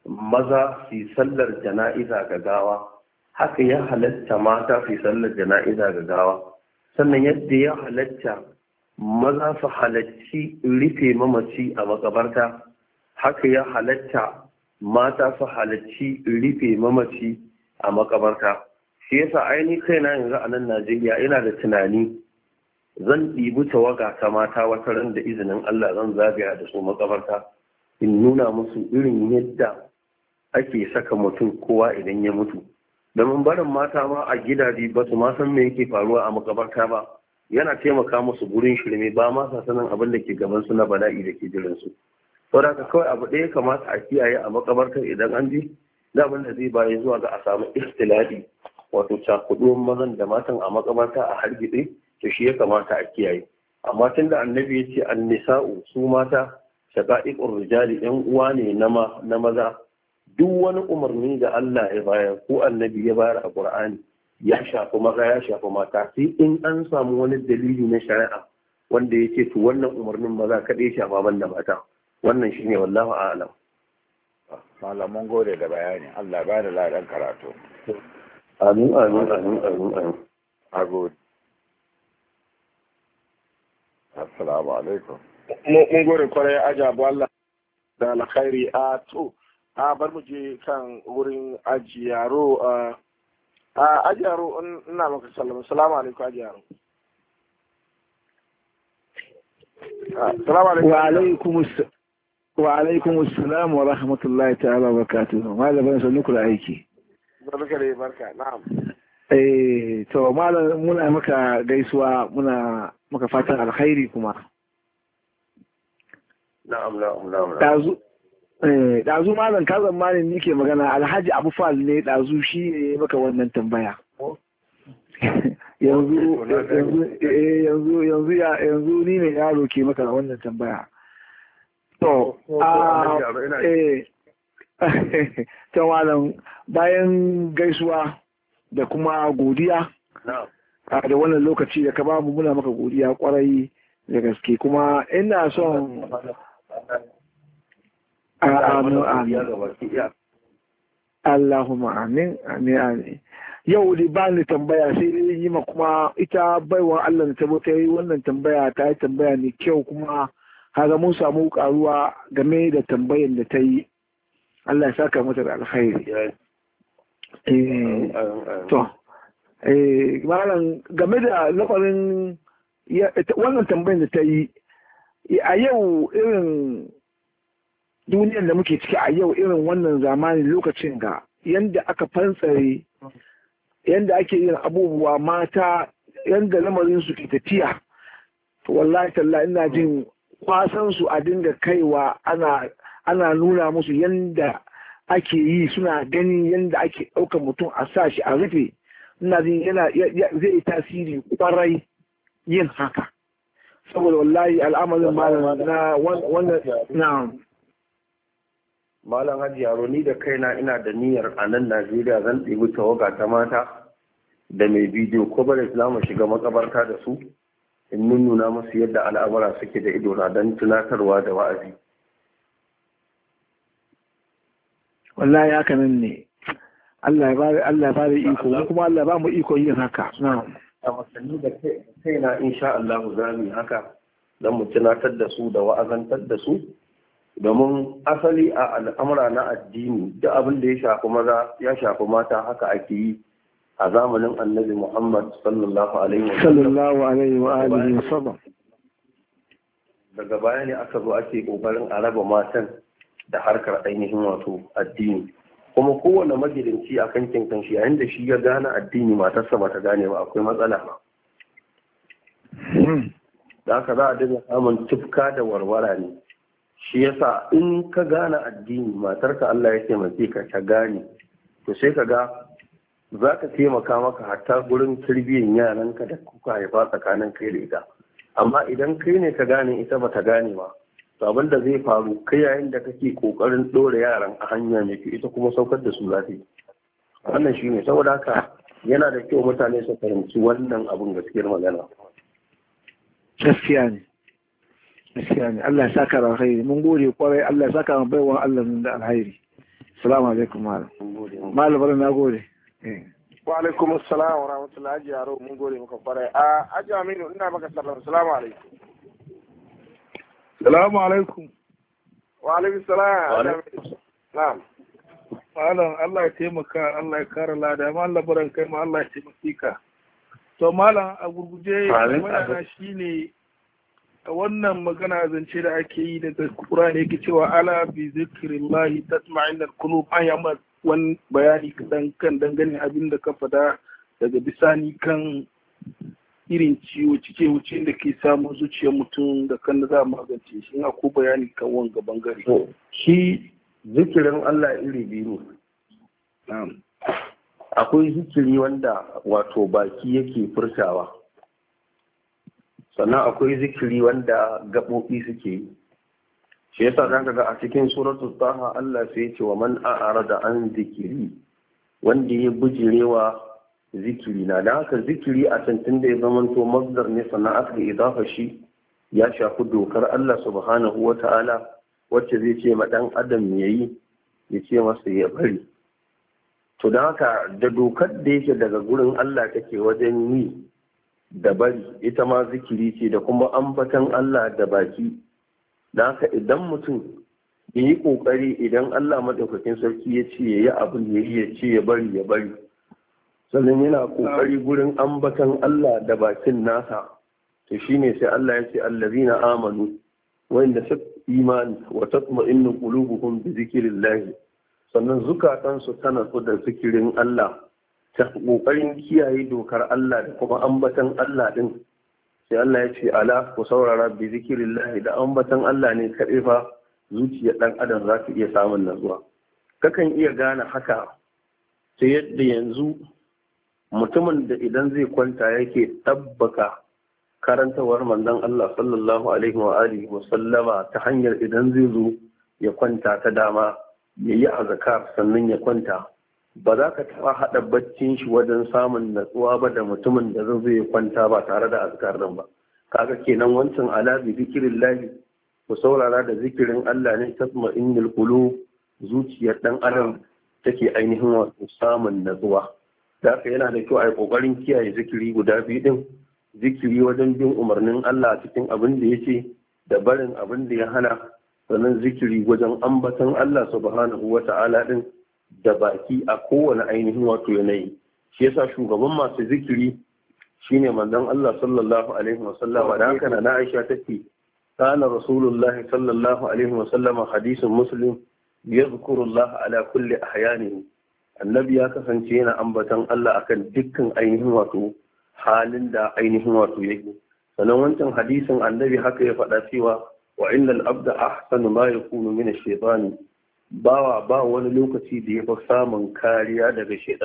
maza fi sallar jana'iza gagawa, haka ya halarta mata fi sallar jana'iza gawa, Sannan yadda ya halarta. maza su halacci rufe mamaci a makabarta haka ya halatta mata su halacci rufe mamaci a makabarta shi yasa aini kaina yanzu a nan najeriya ina da tunani zan ɗibi tawaga ta mata wata ran da izinin allah zan zagaya da su makabarta in nuna musu irin yadda ake saka mutum kowa idan ya mutu mun barin mata ma a gidaje ba su ma san me yake faruwa a makabarta ba yana taimaka musu gurin shirme ba ma sa sanin abin da ke gaban su na bala'i da ke jiran su saboda kawai abu ɗaya kamata a kiyaye a makabartar idan an je da abin da zai bayi zuwa ga a samu istilaɗi. wato cakuɗuwan mazan da matan a makabarta a hargitse to shi ya kamata a kiyaye amma tun da annabi ya ce annisa'u su mata shaqa'iqur rijali yan uwa ne na maza duk wani umarni da Allah ya bayar ko annabi ya bayar a Qur'ani ya shafi maza ya shafi mata sai in an samu wani dalili na shari'a wanda ya ce to wannan umarnin maza ya shafa ban da mata wannan shine wallahu a'lam Malamin gode da bayani Allah ba da ladan karatu amin amin amin amin amin a gode assalamu alaikum mun gode kwarai ajabu Allah da alkhairi a to a bar mu je kan wurin ajiyaro a a ajiyaro ina maka sallama salamu alaikum ajiyaro salamu alaikum wa alaikum wa alaikum assalam wa rahmatullahi ta'ala wa barakatuhu malamin sanu kula aiki barka da barka na'am eh to malam muna maka gaisuwa muna maka fatan alkhairi kuma na'am na'am na'am Eh, ɗazu malam ka zamanin ni ke magana alhaji abu fal ne ɗazu shi ne maka wannan tambaya yanzu eh, yanzu ni ne yaro ke maka wannan tambaya to ta eh, malam bayan gaisuwa da kuma godiya da wannan lokaci da ka babu muna maka godiya kwarai da gaske kuma ina son amin amin Allahumma amin amin amin yau libani tambaya sai dai yi ma kuma ita baiwa Allah ta ta yi wannan tambaya ta yi tambaya ne kyau kuma haga mun samu karuwa game da tambayan da ta yi Allah ya saka mata da alkhairi eh, to eh, malam game da lafarin wannan tambayan da ta yi a yau irin duniyar da muke ciki a yau irin wannan zamani lokacin ga yanda aka fantsare yanda ake yin abubuwa mata yanda lamarin su ke tafiya to wallahi talla ina jin kwasan su a dinga kaiwa ana nuna musu yanda ake yi suna gani yanda ake ɗaukar mutum a sa shi a rufe ina jin yana zai yi tasiri kwarai yin haka saboda wallahi al'amarin malam na wannan malam hajji yaro ni da kaina ina da niyyar a nan najeriya zan ɗebi tawaga ta mata da mai bidiyo ko bar islamu shiga makabarta da su in nuna musu yadda al'amura suke da idona don tunatarwa da wa'azi wallahi haka nan ne Allah ya ba da iko kuma Allah ba mu iko yin haka a wasanni da kaina insha allahu za mu haka don mu tunatar da su da wa'azantar da su domin asali a al'amura na addini da abin da ya shafi maza ya shafi mata haka ake yi a zamanin annabi muhammad sallallahu alaihi daga baya ne aka zo ake kokarin a raba matan da harkar ainihin wato addini kuma kowane magidanci a kan kinkan yayin da shi ya gane addini matarsa ba ta gane ba akwai matsala ba hmm. da haka za a dinga samun tufka da warwara ne shi yasa in ka gane addini matarka Allah ya taimake ka ta gane to sai ka ga za ka taimaka maka hatta gurin tarbiyyan yaranka da kuka haifa tsakanin kai da ita amma idan kai ne ka gane ita ba ta gane ba to abin da zai faru kai yayin da kake kokarin dora yaran a hanya ne ita kuma saukar da su zafi wannan shi ne saboda haka yana da kyau mutane su fahimci wannan abin gaskiyar magana gaskiya ne gaskiya ne Allah ya saka da alkhairi mun gode kwarai Allah ya saka mu baiwa Allah mun da alkhairi assalamu alaikum malam malam bari na gode eh. wa alaikum assalam wa rahmatullahi ajiya ro mun gode muka kwarai a ajiya aminu ina maka sallama assalamu alaikum assalamu alaikum wa alaikum assalam na'am malam Allah ya taimaka Allah ya kare lada ma Allah baran kai ma Allah ya taimaka to malam a gurguje wannan shine wannan magana zance da ake yi daga kura ne ke cewa ala bi zikrillahi tatma'innal qulub an yamma wani bayani kan kan dangane abin da ka fada daga bisani kan irin ciwo cike wuce da ke samun zuciyar mutum da kan da za a magance shi na ko bayani kan wanga bangare shi zikirin Allah iri biyu akwai zikiri wanda wato baki yake furtawa sannan akwai zikiri wanda gaɓoɓi suke yi shi yasa za ga a cikin suratul taha Allah sai ya ce wa man a'ara da an zikiri wanda ya bujirewa zikiri na da haka zikiri a tun da ya zamanto masdar ne sannan aka idafa shi ya shafi dokar Allah subhanahu wa ta'ala wacce zai ce ma dan adam yayi ya ce masa ya bari to da haka da dokar da yake daga gurin Allah take wajen yi da bari ita ma zikiri ce da kuma ambatan Allah da baki da haka idan mutum ya yi kokari idan Allah maɗaukakin sarki ya ce ya yi abin ya ya ce ya bari ya bari sannan yana kokari gurin ambatan Allah da bakin nasa to shine sai Allah ya ce allazina amanu wanda suka imani wa tatma'innu qulubuhum bi zikrillah sannan zukatansu tana da zikirin Allah ta kokarin kiyaye dokar Allah da kuma ambatan Allah ɗin, sai Allah ya ce ala ku saurara bi zikrillah da ambatan Allah ne kaɗai fa zuciyar dan adam za ta iya samun nazuwa kakan iya gane haka Ta yadda yanzu mutumin da idan zai kwanta yake tabbaka karantawar manzon Allah sallallahu alaihi wa alihi wa sallama ta hanyar idan zai zo ya kwanta ta dama ya yi azakar sannan ya kwanta ba za ka taɓa haɗa baccin shi wajen samun natsuwa ba da mutumin da zai zai kwanta ba tare da azkar nan ba kaga kenan wancan Alabi, zikirin lahi ku saurara da zikirin Allah ne tasma innil qulub zuciyar dan adam take ainihin wato samun natsuwa da ka yana da kyau a yi kokarin kiyaye zikiri guda biyu din zikiri wajen bin umarnin Allah cikin abin da ce da barin abin da ya hana sannan zikiri wajen ambaton Allah subhanahu wata'ala din da baki a kowane ainihin wato yanayi shi yasa shugaban masu zikiri shine manzon Allah sallallahu alaihi wasallama da haka na Aisha take kana rasulullahi sallallahu alaihi wasallama hadisin muslim yadhkuru Allah ala kulli ahyanihi annabi ya kasance yana ambatan Allah akan dukkan ainihin wato halin da ainihin wato yake sannan wancan hadisin annabi haka ya faɗa cewa wa innal abda ahsanu ma yakunu min ash-shaytani bawa ba wani lokaci da ya fi samun kariya daga shi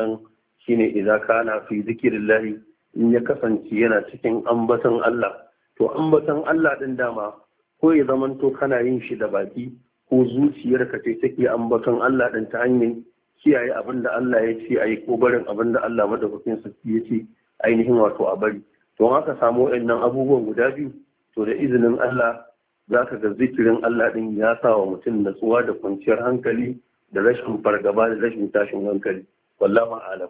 shine idan kana fi lahi in ya kasance yana cikin ambaton Allah to ambaton Allah din dama ko ya zamanto kana yin shi da baki ko zuciyarka ce take ambaton Allah ɗin ta hanyar kiyaye abin da Allah ya ce ayi ko barin abin da Allah madaukakin sa ya ce ainihin wato a bari to haka samu waɗannan abubuwan guda biyu to da izinin Allah za ka ga zikirin Allah ɗin ya sa wa mutum natsuwa da kwanciyar hankali da rashin fargaba da rashin tashin hankali wallahu alam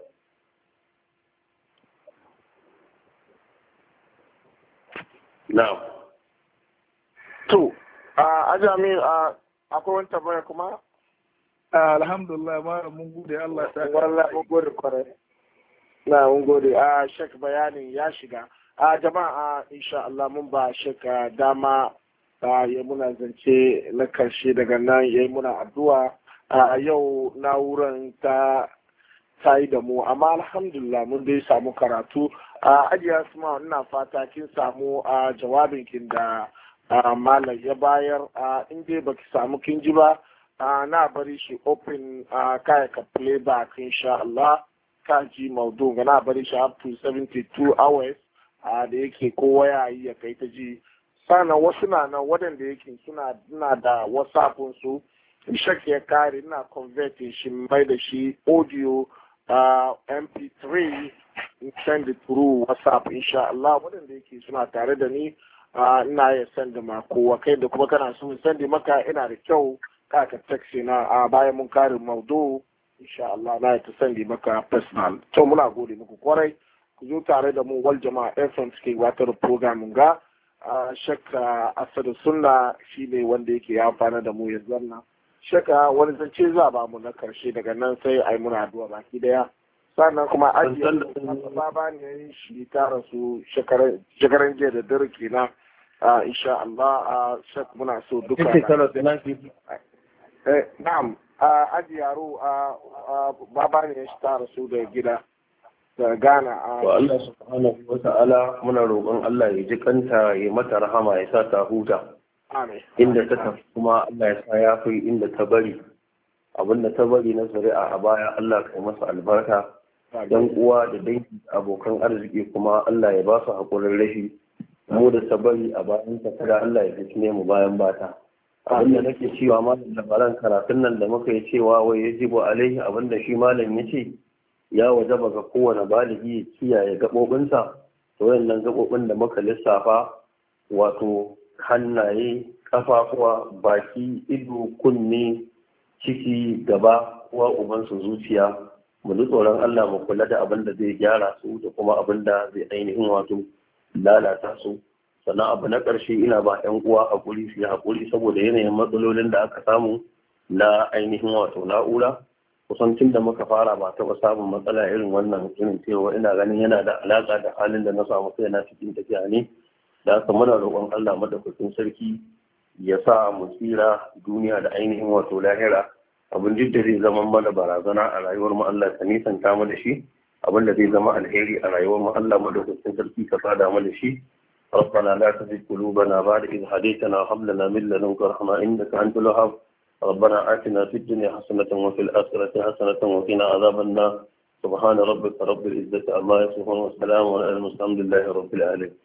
na'am to a ajami a akwai wani tambaya kuma alhamdulillah ma mun gode Allah ta wallahi mun gode kwarai na mun gode a shek bayanin ya shiga a jama'a insha Allah mun ba shek dama ya muna zance na karshe daga nan ya muna addu'a a yau na'uran ta ta yi da mu amma alhamdulillah mun dai samu karatu a ajiya suma ina fata kin samu a jawabin kin da malam ya bayar a in dai baki samu kin ji ba na bari shi open kaya ka play kin insha Allah ka ji maudu na bari shi up to 72 hours da yake kowa ya yi ya kai ta ji sannan wasu na nan waɗanda yake suna na da whatsappin su shak ya kare na convert shi mai da shi audio uh, ah, mp3 in send it through whatsapp insha Allah waɗanda yake suna tare da ni ah, ina ya sanda ma kowa kai da kuma kana so sanda maka ina da kyau kaka taxi na a bayan mun kare maudu insha Allah na ta sanda maka personal to muna gode muku kwarai ku zo tare da mu wal jama'a FM suke watar program ga A shakka asadu sunna ne wanda yake ya amfana da mu ya zanna shakka wani zance za ba mu na karshe daga nan sai ai muna addu'a baki daya sannan kuma ba ba ne shi ta rasu shekaran jiya da dare kenan insha Allah a shak muna so duka eh, na'am ajiyaru baba ne shi ta rasu da gida da gana a Allah subhanahu wa ta'ala muna roƙon Allah ya ji kanta ya mata rahama ya sa ta huta inda ta tafi kuma Allah ya sa ya fi inda ta bari abinda ta bari na zuri'a a baya Allah kai masa albarka dan uwa da dangi abokan arziki kuma Allah ya ba su haƙurin rashi mu da ta bari a bayan ta kada Allah ya fitne mu bayan bata abinda nake cewa malam labaran karatun nan da muka yi cewa wai yajibu alaihi abinda shi malam ya ce ya wajaba ga kowane baligi kiyaye gaɓoɓinsa to wayannan gaɓoɓin da muka lissafa wato hannaye ƙafafuwa baki ido kunne ciki gaba wa ubansu zuciya mu ji tsoron Allah mu kula da abin da zai gyara su da kuma abin da zai ainihin wato lalata su sannan abu na ƙarshe ina ba 'yan uwa guri su yi haƙuri saboda yanayin matsalolin da aka samu na ainihin wato na'ura kusancin da muka fara ba taɓa samun matsala irin wannan irin cewa ina ganin yana da alaƙa da halin da na samu kai na cikin tafiya ne da haka muna roƙon Allah madaukakin sarki ya sa mu tsira duniya da ainihin wato lahira abin duk da zai zama mana barazana a rayuwar mu Allah ka nisanta mu da shi abin da zai zama alheri a rayuwar mu Allah madaukakin sarki ka sada mu da shi ربنا لا تزغ قلوبنا بعد إذ هديتنا وهب لنا من لدنك رحمة إنك أنت الوهاب ربنا آتنا في الدنيا حسنة وفي الآخرة حسنة وقنا عذاب النار سبحان ربك رب العزة عما يصفون والسلام على المسلم لله رب العالمين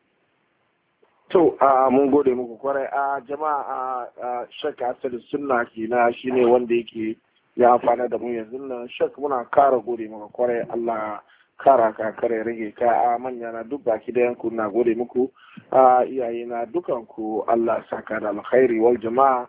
To, a mun gode muku kwarai a jama'a a shak asali sunna kina shine wanda yake ya amfana da mu yanzu nan shak muna kara gode maka kwarai Allah kara ka kare rage ka a manya na duk baki da yanku na gode muku a iyaye na dukanku Allah saka da alkhairi wal jama'a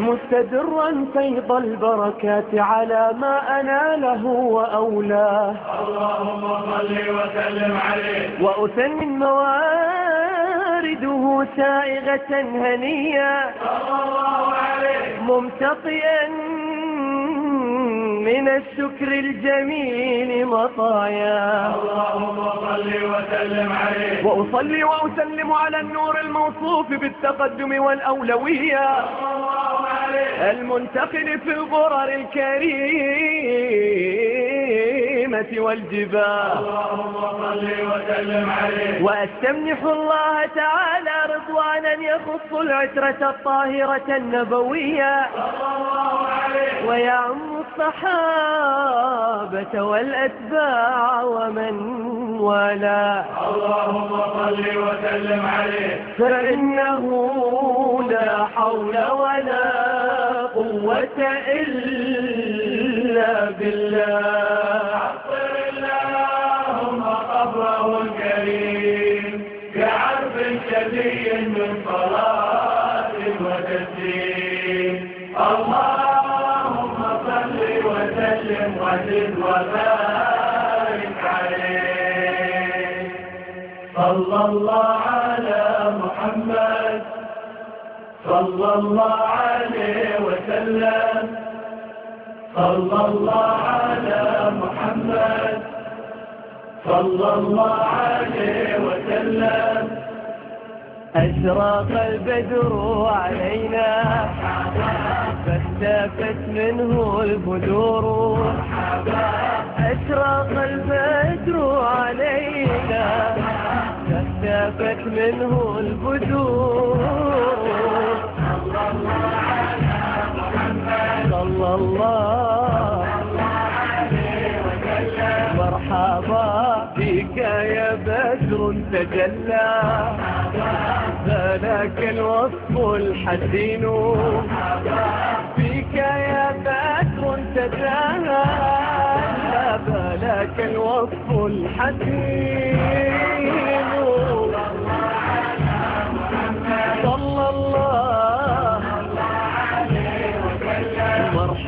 مستدرا فيض البركات على ما أناله وأولاه اللهم صل وسلم عليه وأثن موارده سائغة هنيا صلى الله عليه ممتطئا من الشكر الجميل مطايا اللهم صل وسلم عليه وأصلي وأسلم على النور الموصوف بالتقدم والأولوية صلى الله المنتقل في الغرر الكريم والجبال اللهم صل وسلم عليه وأستمنح الله تعالى رضوانا يخص العترة الطاهرة النبوية صلى الله عليه ويعم الصحابة والأتباع ومن ولا اللهم صل وسلم عليه فإنه لا حول ولا قوة إلا بالله عطر اللهم قبره الكريم كعرف شبي من صلاة وتسليم اللهم صل وسلم وزد وبارك عليه صلى الله على محمد صلى الله عليه وسلم صلى الله على محمد صلى الله عليه وسلم أشراق البدر علينا فاختفت منه البدور أشراق البدر علينا فاختفت منه البدور صلى الله عليه صلى الله مرحبا بك يا بدر تجلى ذلك الوصف الحسين بك يا بدر تجلى ذلك الوصف الحسين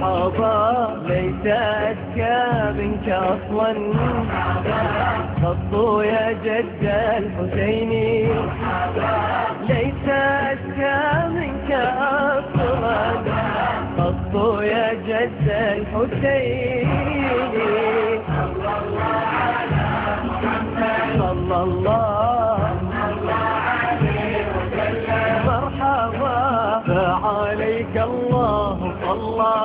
مرحبا ليس أذكى منك أصلا خطوا يا جد الحسين ليس أذكى منك أصلا خطوا يا جد الحسين صلى الله على محمد صلى الله عليك الله صلى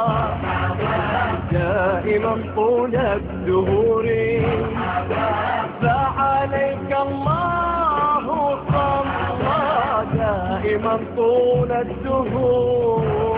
دائما طول الدهور فعليك الله صلى دائما طول الدهور